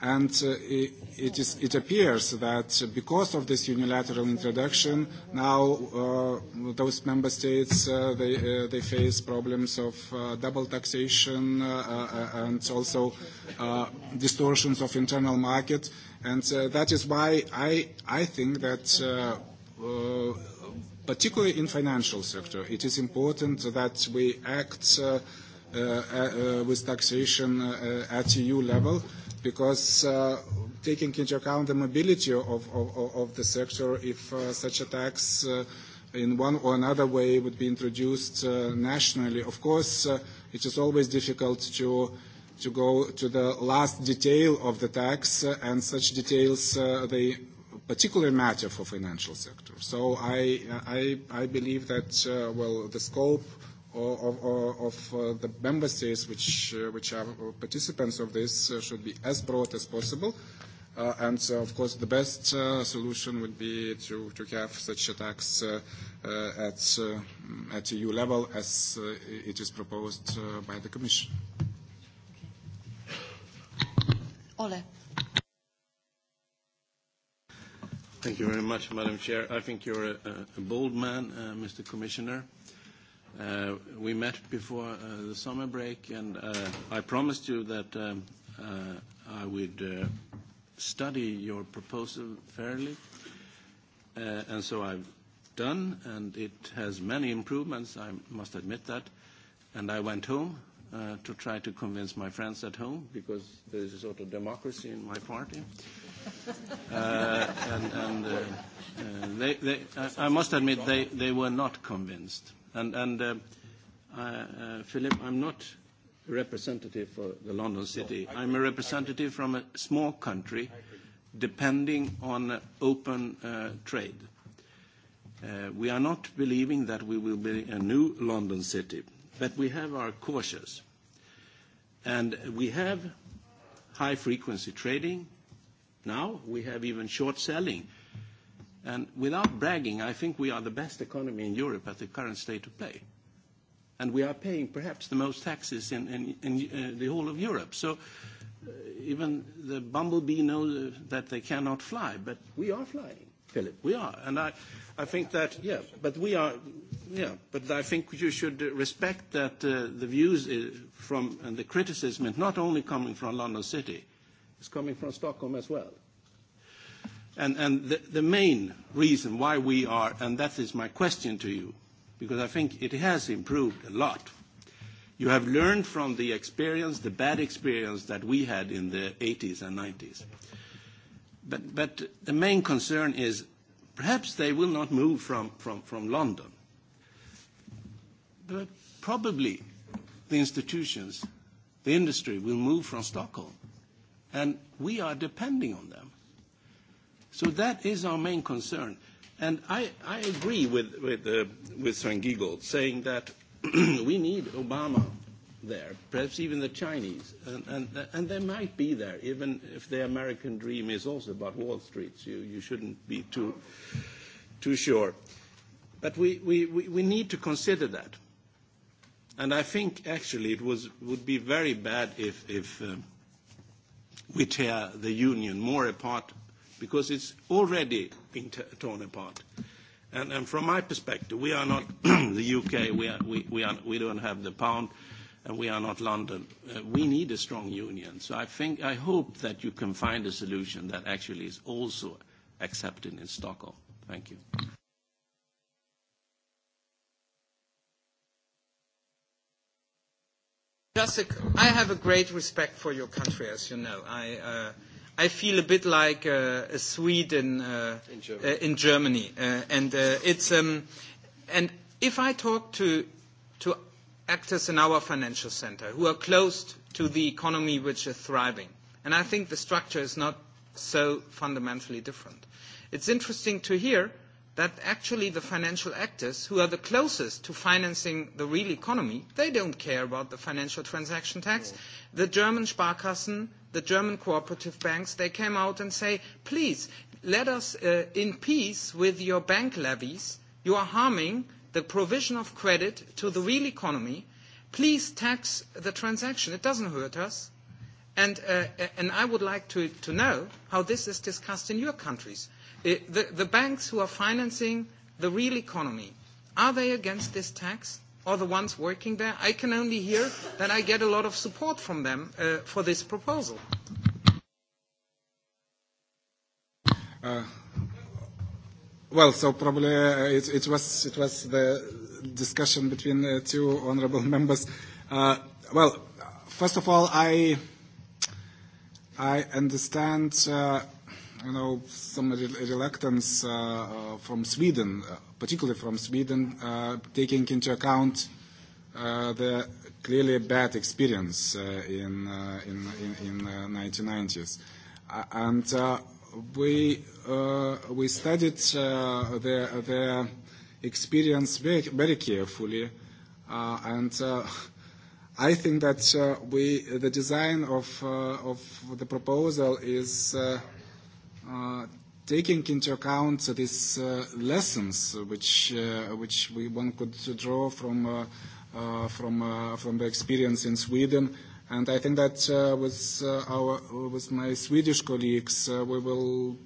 And it appears that because of this unilateral introduction, now those member states they face problems of double taxation and also distortions of internal market. And that is why I I think that particularly in financial sector, it is important that we act with taxation at EU level because taking into account the mobility of the sector, if such a tax in one or another way would be introduced nationally, of course it is always difficult to to go to the last detail of the tax, and such details they particularly matter for financial sector. So I I believe that well the scope of the member states which which are participants of this should be as broad as possible. And of course, the best solution would be to to have such attacks at at EU level, as it is proposed by the Commission.
Ole.
Thank you very much, Madam Chair. I think you're a bold man, Mr. Commissioner. We met before the summer break, and I promised you that I would study your proposal fairly, and so I've done, and it has many improvements, I must admit that. And I went home to try to convince my friends at home, because there is a sort of democracy in my party. And I must admit, they were not convinced. And Philip, I'm not a representative for the London City. I'm a representative from a small country depending on open trade. We are not believing that we will be a new London City, but we have our cautious. And we have high-frequency trading. Now we have even short selling And without bragging, I think we are the best economy in Europe at the current state of play. And we are paying perhaps the most taxes in the whole of Europe. So even the bumblebee knows that they cannot fly, but we are flying, Philip. We are. And I think that, yeah, but we are, yeah, but I think you should respect that the views from and the criticism, is not only coming from London City, it's coming from Stockholm as well. And the main reason why we are, and that is my question to you, because I think it has improved a lot. You have learned from the experience, the bad experience that we had in the 80s and 90s. But the main concern is perhaps they will not move from London. But probably the institutions, the industry will move from Stockholm. And we are depending on them. So that is our main concern. And I agree with Sven Giegold saying that we need Obama there, perhaps even the Chinese. And they might be there, even if the American dream is also about Wall Street. You shouldn't be too sure. But we need to consider that. And I think, actually, it would be very bad if we tear the Union more apart because it's already been torn apart. And from my perspective, we are not the U.K., we don't have the pound, and we are not London. We need a strong union. So I think, I hope that you can find a solution that actually is also accepted in Stockholm. Thank you.
Jessica, I have a great respect for your country, as you know. I I feel a bit like a Swede in Germany. And it's and if I talk to to actors in our financial center who are close to the economy which is thriving, and I think the structure is not so fundamentally different. It's interesting to hear that actually the financial actors who are the closest to financing the real economy, they don't care about the financial transaction tax. The German Sparkassen, the German cooperative banks, they came out and say, please, let us in peace with your bank levies. You are harming the provision of credit to the real economy. Please tax the transaction. It doesn't hurt us. And I would like to know how this is discussed in your countries. The banks who are financing the real economy, are they against this tax or the ones working there? I can only hear that I get a lot of support from them for this proposal.
Well, so probably it was the discussion between two honourable members. Well, first of all, I I understand, you know, some reluctance from Sweden, particularly from Sweden, taking into account the clearly bad experience in in in 1990s, and we we studied the the experience very very carefully, and I think that we the design of the proposal is taking into account these lessons which we one could draw from the experience in Sweden and I think that with our with my Swedish colleagues we will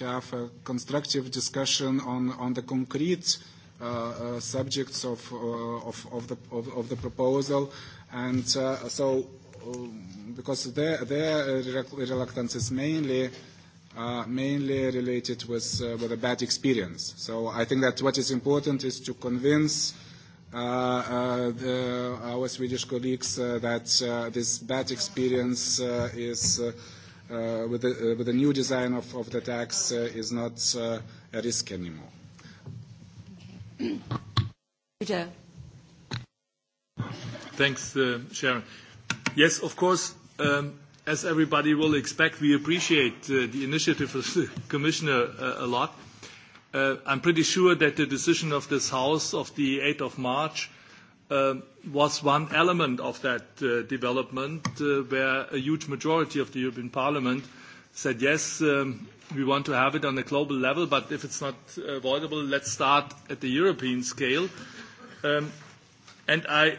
have a constructive discussion on on the concrete subjects of the proposal. And so because their reluctance is mainly mainly related with a bad experience. So I think that what is important is to convince our Swedish colleagues that this bad experience is with the new design of the tax is not a risk anymore.
Thanks, Sharon. Yes, of course, as everybody will expect, we appreciate the initiative of the Commissioner a lot. I'm pretty sure that the decision of this House of the 8th of March was one element of that development where a huge majority of the European Parliament said, yes, we want to have it on a global level, but if it's not avoidable, let's start at the European scale. And I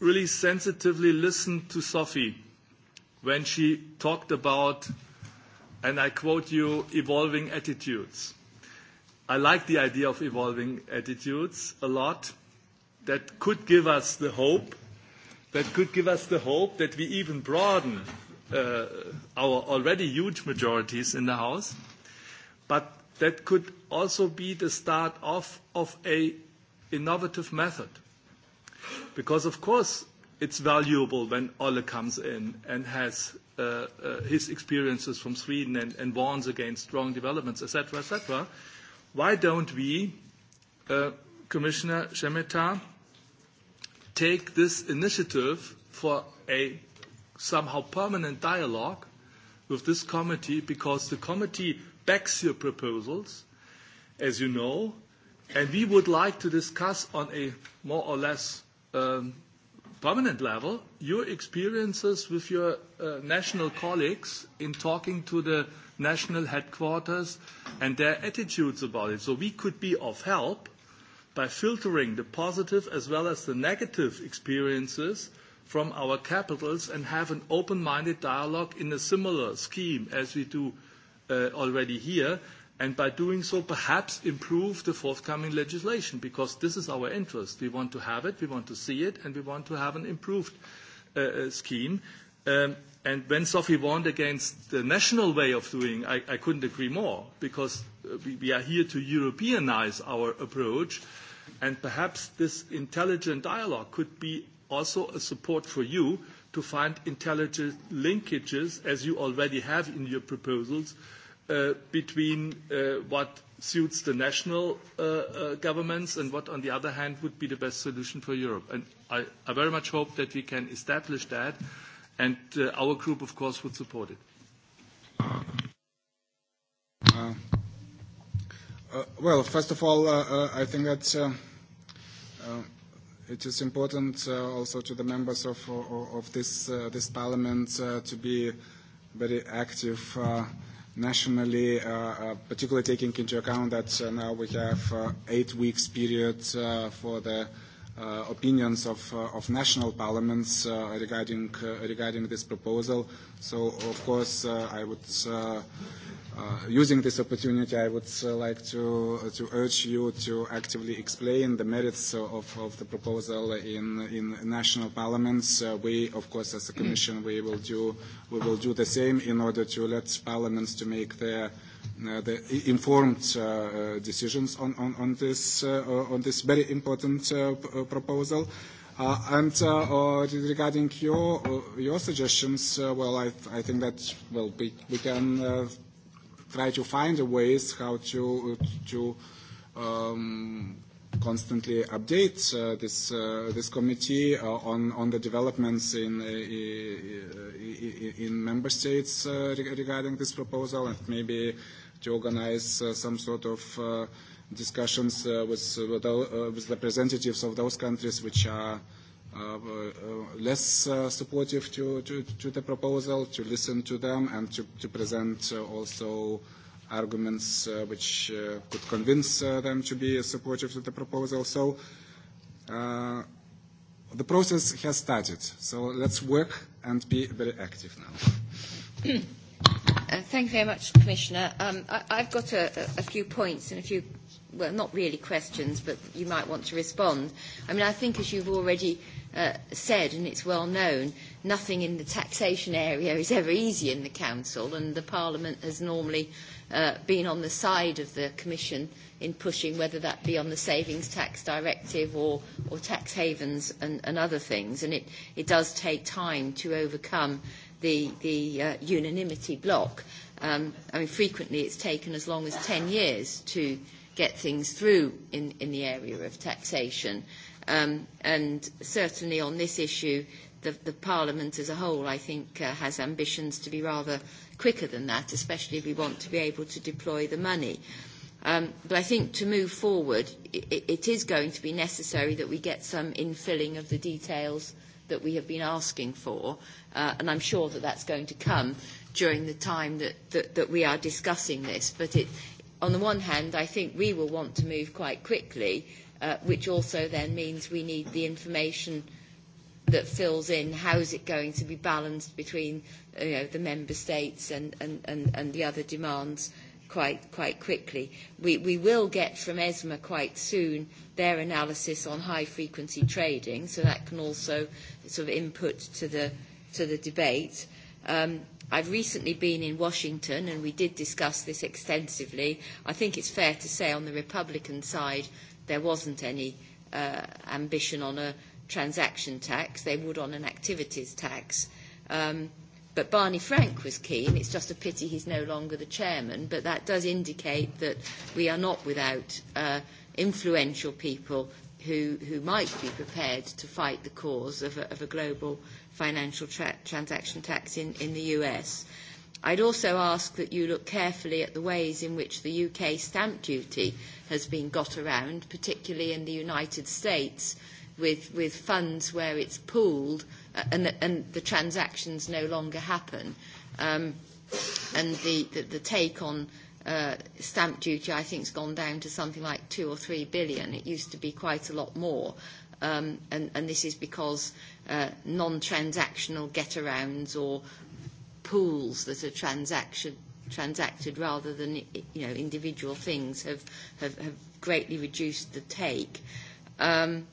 really sensitively listened to Sophie when she talked about, and I quote you, evolving attitudes. I like the idea of evolving attitudes a lot. That could give us the hope, that could give us the hope that we even broaden our already huge majorities in the House, but that could also be the start off of an innovative method. Because, of course, it's valuable when Ole comes in and has his experiences from Sweden and warns against strong developments, etc., etc. Why don't we, Commissioner Šemeta, take this initiative for a somehow permanent dialogue with this committee because the committee backs your proposals, as you know, and we would like to discuss on a more or less permanent level your experiences with your national colleagues in talking to the national headquarters and their attitudes about it. So we could be of help by filtering the positive as well as the negative experiences from our capitals and have an open-minded dialogue in a similar scheme as we do already here, and by doing so perhaps improve the forthcoming legislation, because this is our interest. We want to have it, we want to see it, and we want to have an improved scheme. And when Sophie warned against the national way of doing, I couldn't agree more, because we are here to Europeanize our approach, and perhaps this intelligent dialogue could be also a support for you to find intelligent linkages, as you already have in your proposals, between what suits the national governments and what, on the other hand, would be the best solution for Europe. And I very much hope that we can establish that, and our group, of course, would support it.
Well, first of all, I think that It is important also to the members of of this this Parliament to be very active nationally, particularly taking into account that now we have eight weeks period for the opinions of national parliaments regarding regarding this proposal. So, of course, I would, using this opportunity, I would like to to urge you to actively explain the merits of the proposal in in national parliaments. We, of course, as a Commission, we will do we will do the same in order to let parliaments to make their the informed decisions on this very important proposal. And regarding your suggestions, well, I think that, well, we can try to find ways how to constantly update this this committee on on the developments in in member states regarding this proposal and maybe to organize some sort of discussions with with representatives of those countries which are less supportive to to the proposal, to listen to them and to to present also arguments which could convince them to be supportive to the proposal. So the process has started. So let's work and be very active now.
Thank you very much, Commissioner. I've got a few points and a few, well, not really questions, but you might want to respond. I mean, I think as you've already said, and it's well known, nothing in the taxation area is ever easy in the Council, and the Parliament has normally been on the side of the Commission in pushing, whether that be on the Savings Tax Directive or tax havens and other things, and it does take time to overcome the the unanimity block. I mean, frequently it's taken as long as 10 years to get things through in in the area of taxation, and certainly on this issue, the the Parliament as a whole, I think, has ambitions to be rather quicker than that, especially if we want to be able to deploy the money. But I think to move forward, it is going to be necessary that we get some infilling of the details that we have been asking for, and I'm sure that that's going to come during the time that we are discussing this. But on the one hand, I think we will want to move quite quickly, which also then means we need the information that fills in how is it going to be balanced between the member states and the other demands quite quite quickly. We we will get from ESMA quite soon their analysis on high frequency trading, so that can also sort of input to the to the debate. I've recently been in Washington and we did discuss this extensively. I think it's fair to say on the Republican side there wasn't any ambition on a transaction tax. They would on an activities tax. But Barney Frank was keen. It's just a pity he's no longer the chairman, but that does indicate that we are not without influential people who who might be prepared to fight the cause of a global financial transaction tax in in the US. I'd also ask that you look carefully at the ways in which the UK stamp duty has been got around, particularly in the United States, with with funds where it's pooled and the transactions no longer happen. And the take on stamp duty, I think, has gone down to something like two or three billion. It used to be quite a lot more. And this is because non-transactional get-arounds or pools that are transacted rather than you know individual things have greatly reduced the take. Um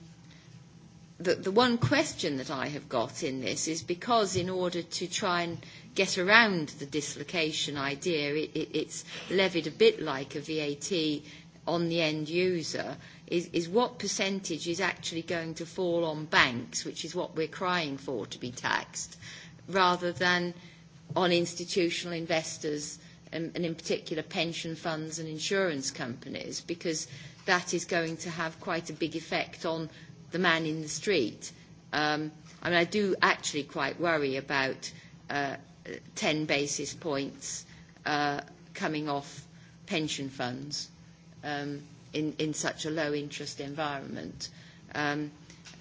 the one question that I have got in this is because in order to try and get around the dislocation idea, it it's levied a bit like a VAT on the end user, is what percentage is actually going to fall on banks, which is what we're crying for to be taxed, rather than on institutional investors and in particular pension funds and insurance companies, because that is going to have quite a big effect on the man in the street. I mean, I do actually quite worry about 10 basis points coming off pension funds in in such a low interest environment. And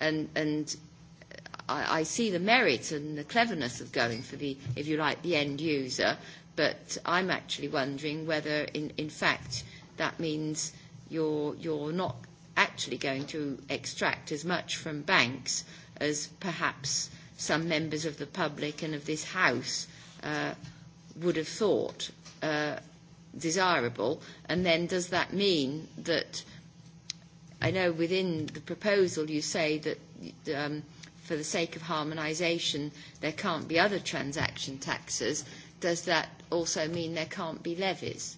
and I see the merit and the cleverness of going for the, if you like, the end user, but I'm actually wondering whether in in fact that means you're you're not actually going to extract as much from banks as perhaps some members of the public and of this House would have thought desirable. And then does that mean that, I know within the proposal you say that for the sake of harmonisation there can't be other transaction taxes, does that also mean there can't be levies?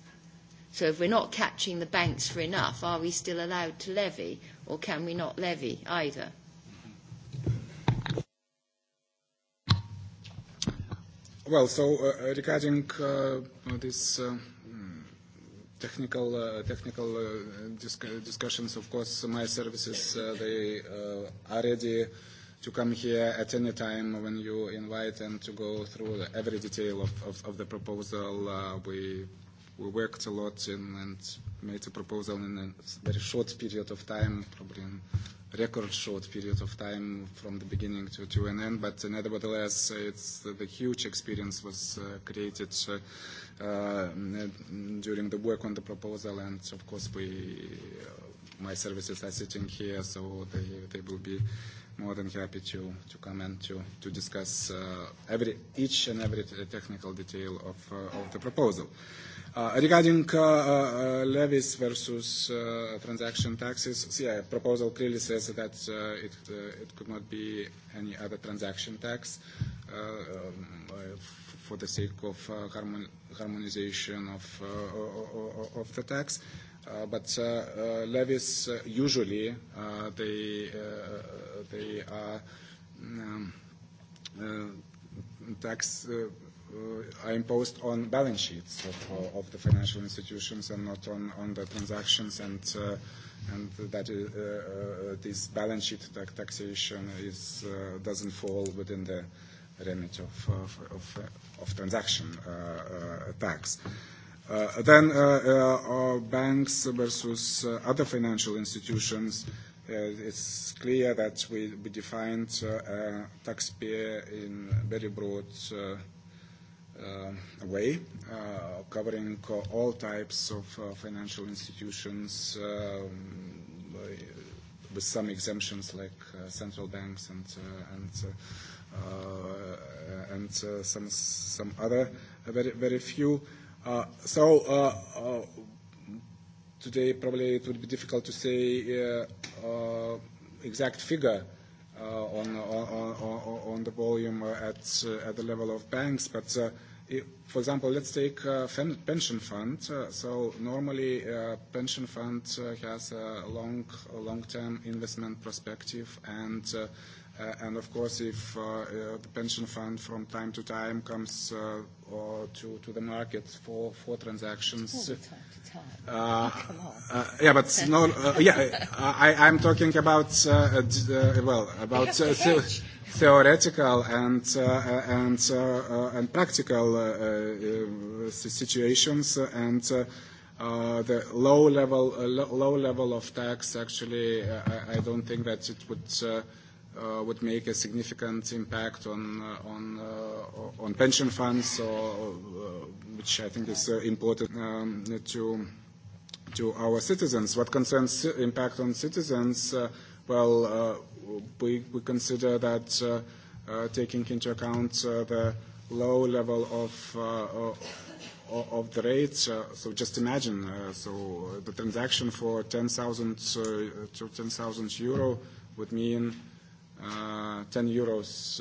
So if we're not catching the banks for enough, are we still allowed to levy or can we not levy either?
Well, so regarding this technical technical discussions, of course, my services they are ready to come here at any time when you invite them to go through every detail of of the proposal. We we worked a lot in and made a proposal in a very short period of time, probably in record short period of time from the beginning to, to an end, but nevertheless, it's, the huge experience was created during the work on the proposal, and of course we, my services are sitting here, so they, they will be more than happy to, to come and to, to discuss every, each and every technical detail of, of the proposal. Regarding levies versus transaction taxes, yeah, proposal clearly says that it could not be any other transaction tax for the sake of harmonization of the tax. But levies usually they they are tax are imposed on balance sheets of the financial institutions and not on on the transactions and and that this balance sheet taxation is doesn't fall within the remit of of transaction tax. Then banks versus other financial institutions, it's clear that we defined taxpayer in very broad way, covering all types of financial institutions, with some exemptions like central banks and and and some some other very very few. So today probably it would be difficult to say exact figure on on on the volume at at the level of banks, but For example, let's take pension fund. So normally, pension fund has a long, long-term investment perspective, and And of course, if the pension fund from time to time comes to to the market for for transactions, yeah, but no, yeah, I I'm talking about well about theoretical and and and practical situations and the low level low level of tax. Actually, I don't think that it would would make a significant impact on on on pension funds, which I think is important to to our citizens. What concerns impact on citizens, well, we we consider that taking into account the low level of of the rates. So just imagine, so the transaction for 10,000 to 10,000 euro would mean 10 euros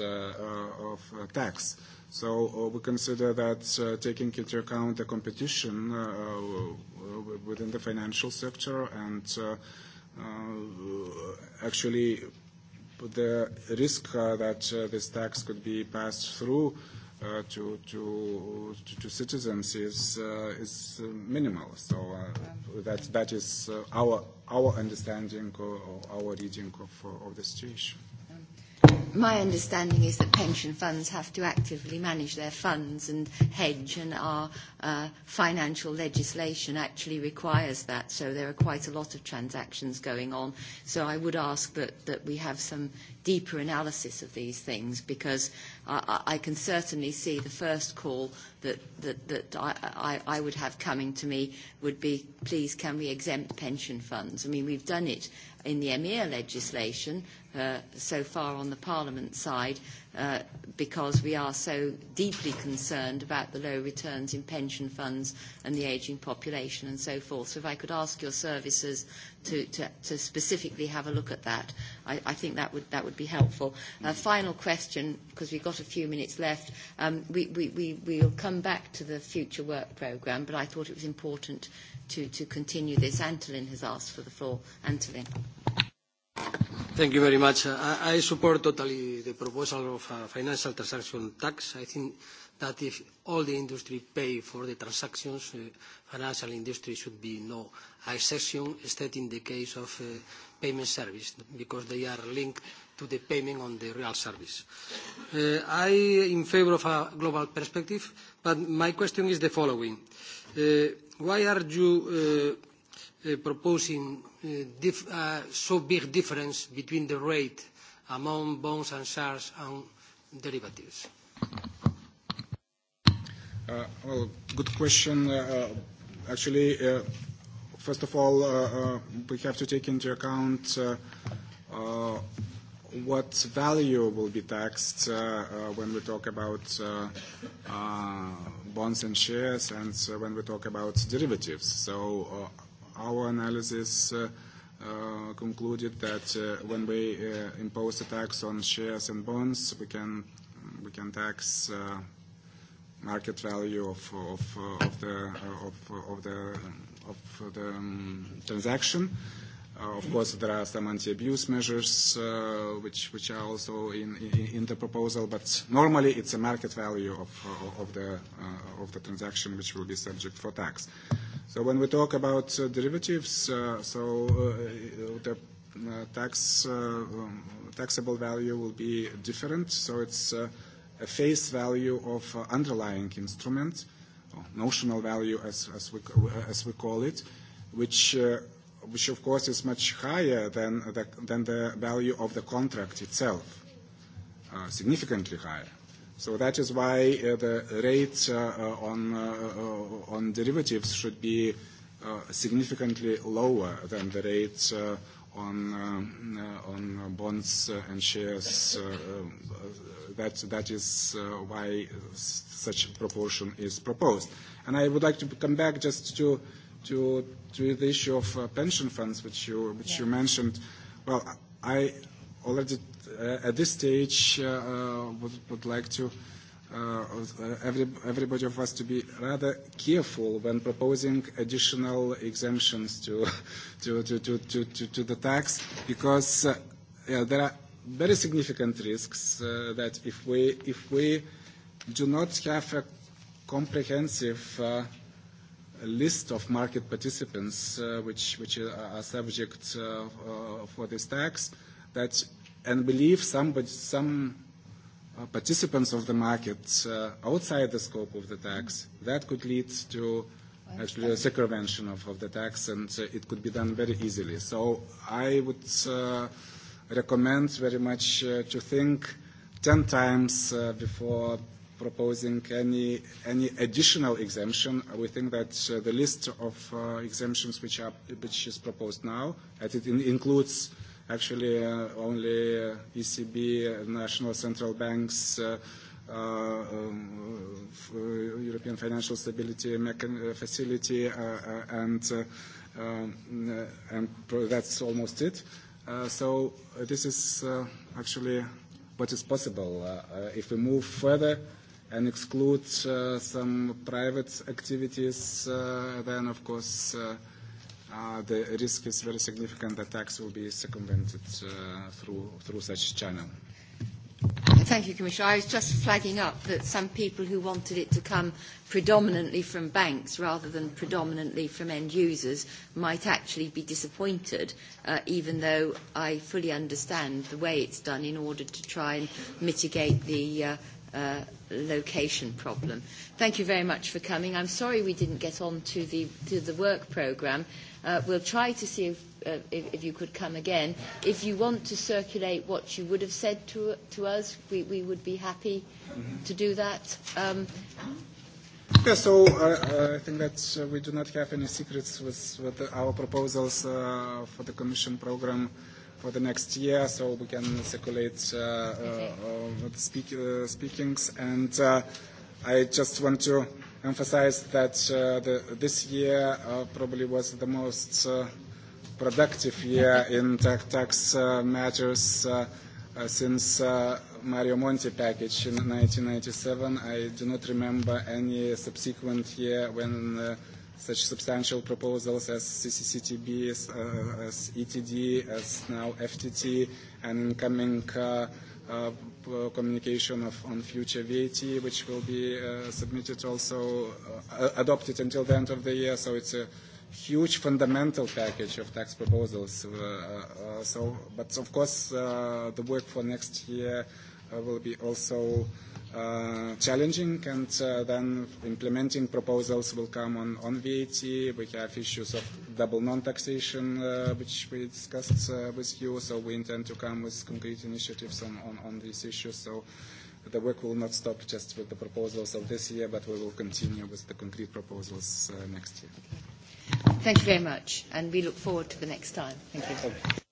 of tax. So we consider that taking into account the competition within the financial sector and actually the risk that this tax could be passed through to citizens is minimal. So that is our understanding or our reading of the situation.
My understanding is that pension funds have to actively manage their funds and hedge, and our financial legislation actually requires that. So there are quite a lot of transactions going on. So I would ask that that we have some deeper analysis of these things, because I can certainly see the first call that that that I would have coming to me would be, please, can we exempt pension funds? I mean, we've done it in the emir legislation so far on the Parliament side because we are so deeply concerned about the low returns in pension funds and the ageing population and so forth. So if I could ask your services to specifically have a look at that, I think that would that would be helpful. A final question, because we've got a few minutes left. We will come back to the future work programme, but I thought it was important to continue this. Antolin has asked for the floor. Antolin.
Thank you very much. I support totally the proposal of a financial transaction tax. I think that if all the industry pay for the transactions, financial industry should be no exception, except in the case of payment service, because they are linked to the payment on the real service. I in favor of a global perspective, but my question is the following. Why are you proposing so big difference between the rate among bonds and shares and derivatives?
Well, good question. Actually, first of all, we have to take into account what value will be taxed when we talk about bonds and shares and when we talk about derivatives. So our analysis concluded that when we impose a tax on shares and bonds, we can we can tax market value of of of the of the of the transaction. Of course, there are some anti-abuse measures which which are also in in the proposal, but normally it's a market value of of the of the transaction which will be subject for tax. So when we talk about derivatives, so the tax taxable value will be different. So it's a face value of underlying instrument, or notional value as as we as we call it, which which of course is much higher than than the value of the contract itself, significantly higher. So that is why the rates on on derivatives should be significantly lower than the rates on on bonds and shares. That that is why such proportion is proposed. And I would like to come back just to to to the issue of pension funds, which you which you mentioned. Well, I already at this stage would like to everybody of us to be rather careful when proposing additional exemptions to to to to to the tax because there are very significant risks that if we if we do not have a comprehensive list of market participants which which are subject for this tax that and believe some some participants of the market outside the scope of the tax, that could lead to actually a circumvention of the tax, and it could be done very easily. So I would recommend very much to think 10 times before proposing any any additional exemption. We think that the list of exemptions which are which is proposed now, it includes Actually, only ECB, national central banks, European Financial Stability Facility, and that's almost it. So this is actually what is possible. If we move further and exclude some private activities, then, of course, the risk is very significant that tax will be circumvented through through such channel.
Thank you, Commissioner. I was just flagging up that some people who wanted it to come predominantly from banks rather than predominantly from end users might actually be disappointed, even though I fully understand the way it's done in order to try and mitigate the location problem. Thank you very much for coming. I'm sorry we didn't get on to the to the work programme. We'll try to see if if you could come again. If you want to circulate what you would have said to to us, we we would be happy to do that.
Yeah, so I think that we do not have any secrets with our proposals for the Commission programme for the next year, so we can circulate the speakings. And I just want to emphasize that this year probably was the most productive year in tax matters since Mario Monti package in 1997. I do not remember any subsequent year when such substantial proposals as CCCTB, as ETD, as now FTT, and coming communication on future VAT, which will be submitted also, adopted until the end of the year. So it's a huge fundamental package of tax proposals. So, but of course, the work for next year will be also challenging, and then implementing proposals will come on on VAT. We have issues of double non-taxation, which we discussed with you, so we intend to come with concrete initiatives on on these issues. So the work will not stop just with the proposals of this year, but we will continue with the concrete proposals next year.
Thank you very much, and we look forward to the next time. Thank you.